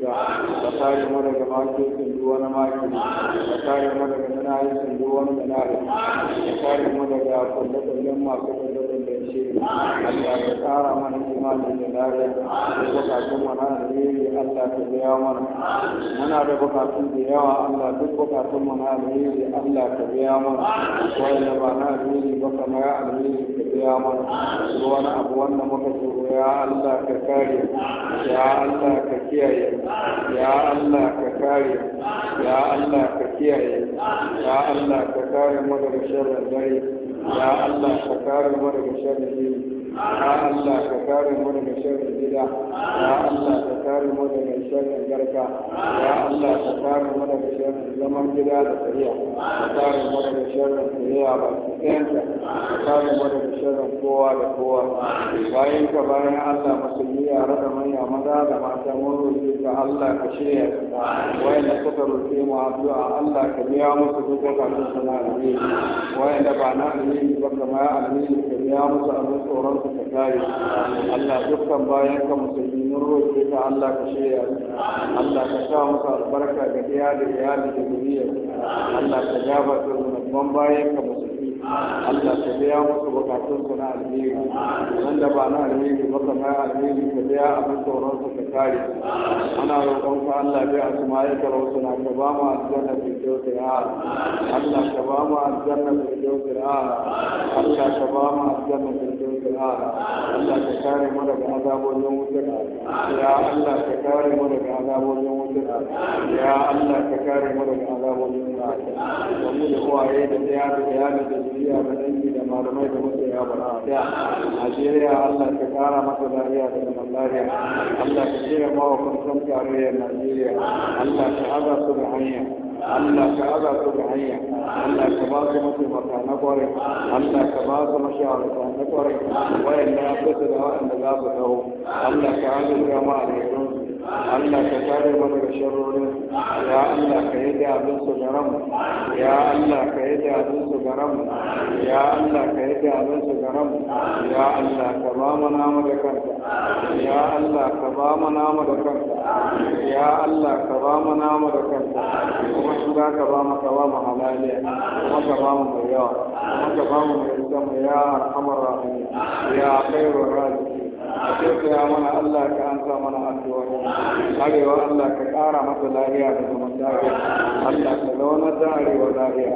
cuta ka kare mu daga makircin duk wani makirci ka kare mu daga manahicin duk wani manahic ka kare mu daga kulle-kullen masu kulle-kullen ce Allah ka ƙara mana imanin da lariya bukatun mana alheri Allah ka biya mana muna da bukatun da yawa Allah duk bukatun mana alheri Allah ka biya mana wanda ba na alheri ba ka mara alheri ka biya mana wani abu wanda muka tsoro ya Allah ka kare ya Allah ka kiyaye ya Allah ka kare ya Allah ka kiyaye ya Allah ka kare mu daga sharrin dare ya Allah ka kare mu daga sharri ya Allah ka kare mu daga sharrin gida ya Allah ka kare mu daga sharrin garka ya Allah ka kare mu daga sharrin zaman gida da tsariya ka kare mu daga sharrin tsariya ba su tsayanta ka kare mu daga sharrin kowa da kowa bayan ka bayan Allah musulmi ya da manya maza da mata mun roƙe ka Allah ka shirya wayanda suka roƙe mu addu'a Allah ka biya musu duk bukatun sana'a ne wayanda ba na alheri ba kama alheri ka biya musu abin tsoron ɗaukaka ka kare Allah dukkan bayan ka musulmi mun roƙe ka Allah ka shirya Allah ka sa musu albarka ga iyali iyali da zuriya Allah ka gabata mu ban bayan ka musulmi Allah ka biya musu bukatun su na alheri wanda ba na alheri ba ka na alheri ka biya abin tsoron su ka kare ana roƙon ka Allah biya su ma'aikar wasu na ka ba mu aljanna fi kyautar Allah ka ba mu aljanna fi kyautar Allah ka ba mu aljanna fi kyautar Allah ka kare mu daga azabojin wutar ya Allah ka kare mu daga azabojin wutar ya Allah ka kare mu daga azabojin wutar da mu da uwaye da ɗaya da iyali da Najeriya da dangi da malamai da muke ya bara da Najeriya Allah ka kara maka lafiya da zaman lafiya Allah ka cire mawakantan tarayyar Najeriya Allah ka haɗa su da hanya Allah ka haɗa su da hanya Allah ka ba su mataimaka na kwarai Allah ka ba su mashawarta na kwarai wayanda ya fita da waɗanda za su dawo Allah ka haɗa su da ma'alaikun Allah ka kare mu daga sharrorin ya Allah ka yi da abin su garam ya Allah ka yi da abin su garam ya Allah ka yi da abin su garam ya Allah ka ba mu nama da kanka ya Allah ka ba mu nama da kanka ya Allah ka ba mu nama da kanka kuma shi za ka ba mu ka ba mu halaliya kuma ka ba mu mai yawa kuma ka ba mu mai zama ya arhamar rahimin ya khairu raziqin ka ya mana Allah ka an sa mana addu'a arewa Allah ka ƙara masa lahiya da zaman lahiya Allah ka zaunar da arewa lahiya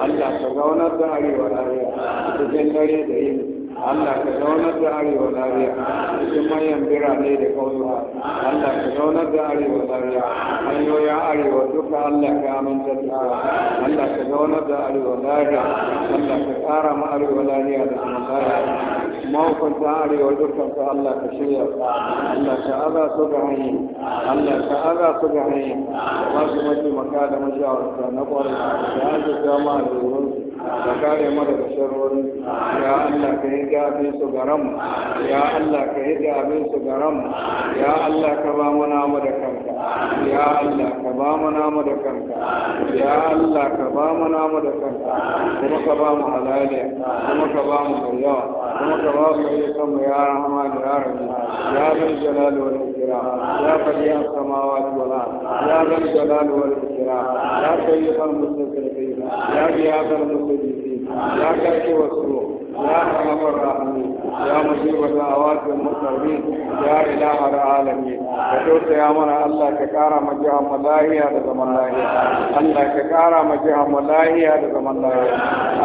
Allah ka zaunar da arewa lahiya cikin dare da yini Allah ka zaunar da arewa lafiya cikin manyan birane da kauyuka Allah ka zaunar da arewa lafiya hanyoyin arewa duka Allah ka aminta da Allah ka zaunar da arewa lafiya Allah ka ƙara ma arewa lafiya da kuma lafiya mahukunta arewa dukkan ka Allah ka shirya Allah ka aza su ga hanyi Allah ka aza su ga hanyi ba su mace maka da mashawarta na kwarai da azuka ma da wurin ka kare mu daga sharrori ya Allah ka yi da abin su garam ya Allah ka yi da su garam ya Allah ka ba mu namu da kanka ya Allah ka ba mu namu da kanka ya Allah ka ba mu namu da kanka kuma ka ba mu halali kuma ka ba mu yawa kuma ka ba mu yi kanmu ya rahama da ya rahama ya zan jalal wani kira. ya fadiya samawati wal ard ya zan jalal wani kira. ya yi sayyidul muslimin يا غياث المسلمين يا كاشف السوء يا ارحم الراحمين يا مجيب الدعوات المضطرين يا اله العالمين كتوت يا منا الله كقارا مجيها ملاهيا لزمن لاهيا الله كقارا مجيها ملاهيا لزمن لاهيا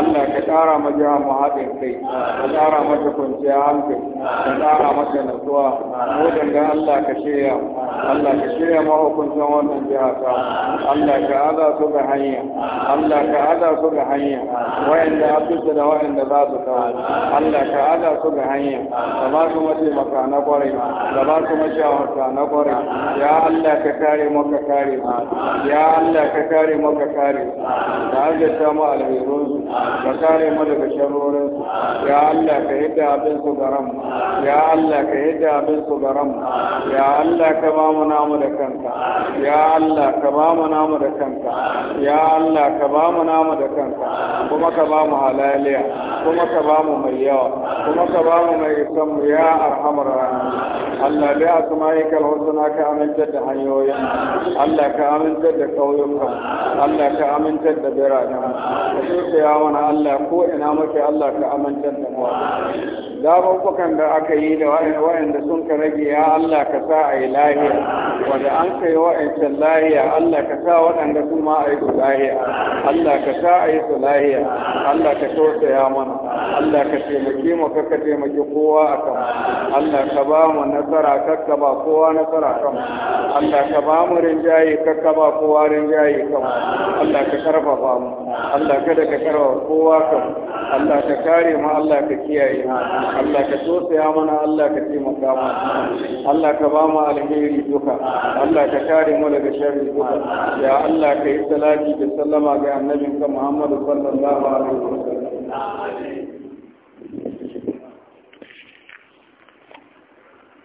الله كقارا مجيها معادن كي كقارا مجيكم جيام كي كقارا مجينا سوا مودن الله كشيا Allah ka shirya mahukuntan wannan jiha ta Allah ka aza su ga hanya Allah ka aza su ga hanya wayanda abinda da wayanda za su kawo Allah ka aza su ga hanya da ba su mataimaka na kwarai da ba su mashawarta na kwarai ya Allah ka kare maka kare ya Allah ka kare maka kare da arzata mu alherun su ka kare mu daga sharorin su ya Allah ka hidda abin su garam ya Allah ka hidda abin su garam ya Allah ka ba ba mu namu da kanka ya Allah ka ba mu namu da kanka ya Allah ka ba mu namu da kanka kuma ka ba mu halaliya kuma ka ba mu mai yawa kuma ka ba mu mai isan mu ya arhamar rahimi Allah bi asma'ika al-husna ka aminta da hanyoyin Allah ka aminta da kauyuka Allah ka aminta da biranen ka so ya mana Allah ko ina muke Allah ka aminta da mu da babukan da aka yi da wa'anda sun ka rage ya Allah ka sa a yi lahiya wanda an kai wa'ancan lahiya Allah ka sa waɗanda su ma a yi su lahiya Allah ka sa a yi su lahiya Allah ka tausaya mana Allah ka taimake mu ka taimake kowa a kan Allah ka ba mu nasara kakka ba kowa nasara kan Allah ka ba mu rinjaye kakka ba kowa rinjaye kan Allah ka karfafa mu Allah kada ka karfafa kowa kan Allah ka kare mu Allah ka kiyaye mu Allah ka tausaya mana Allah ka taimaka mana Allah ka ba mu alheri duka Allah ka kare mu daga sharri duka ya Allah ka yi salati da sallama ga annabinka Muhammadu sallallahu alaihi wasallam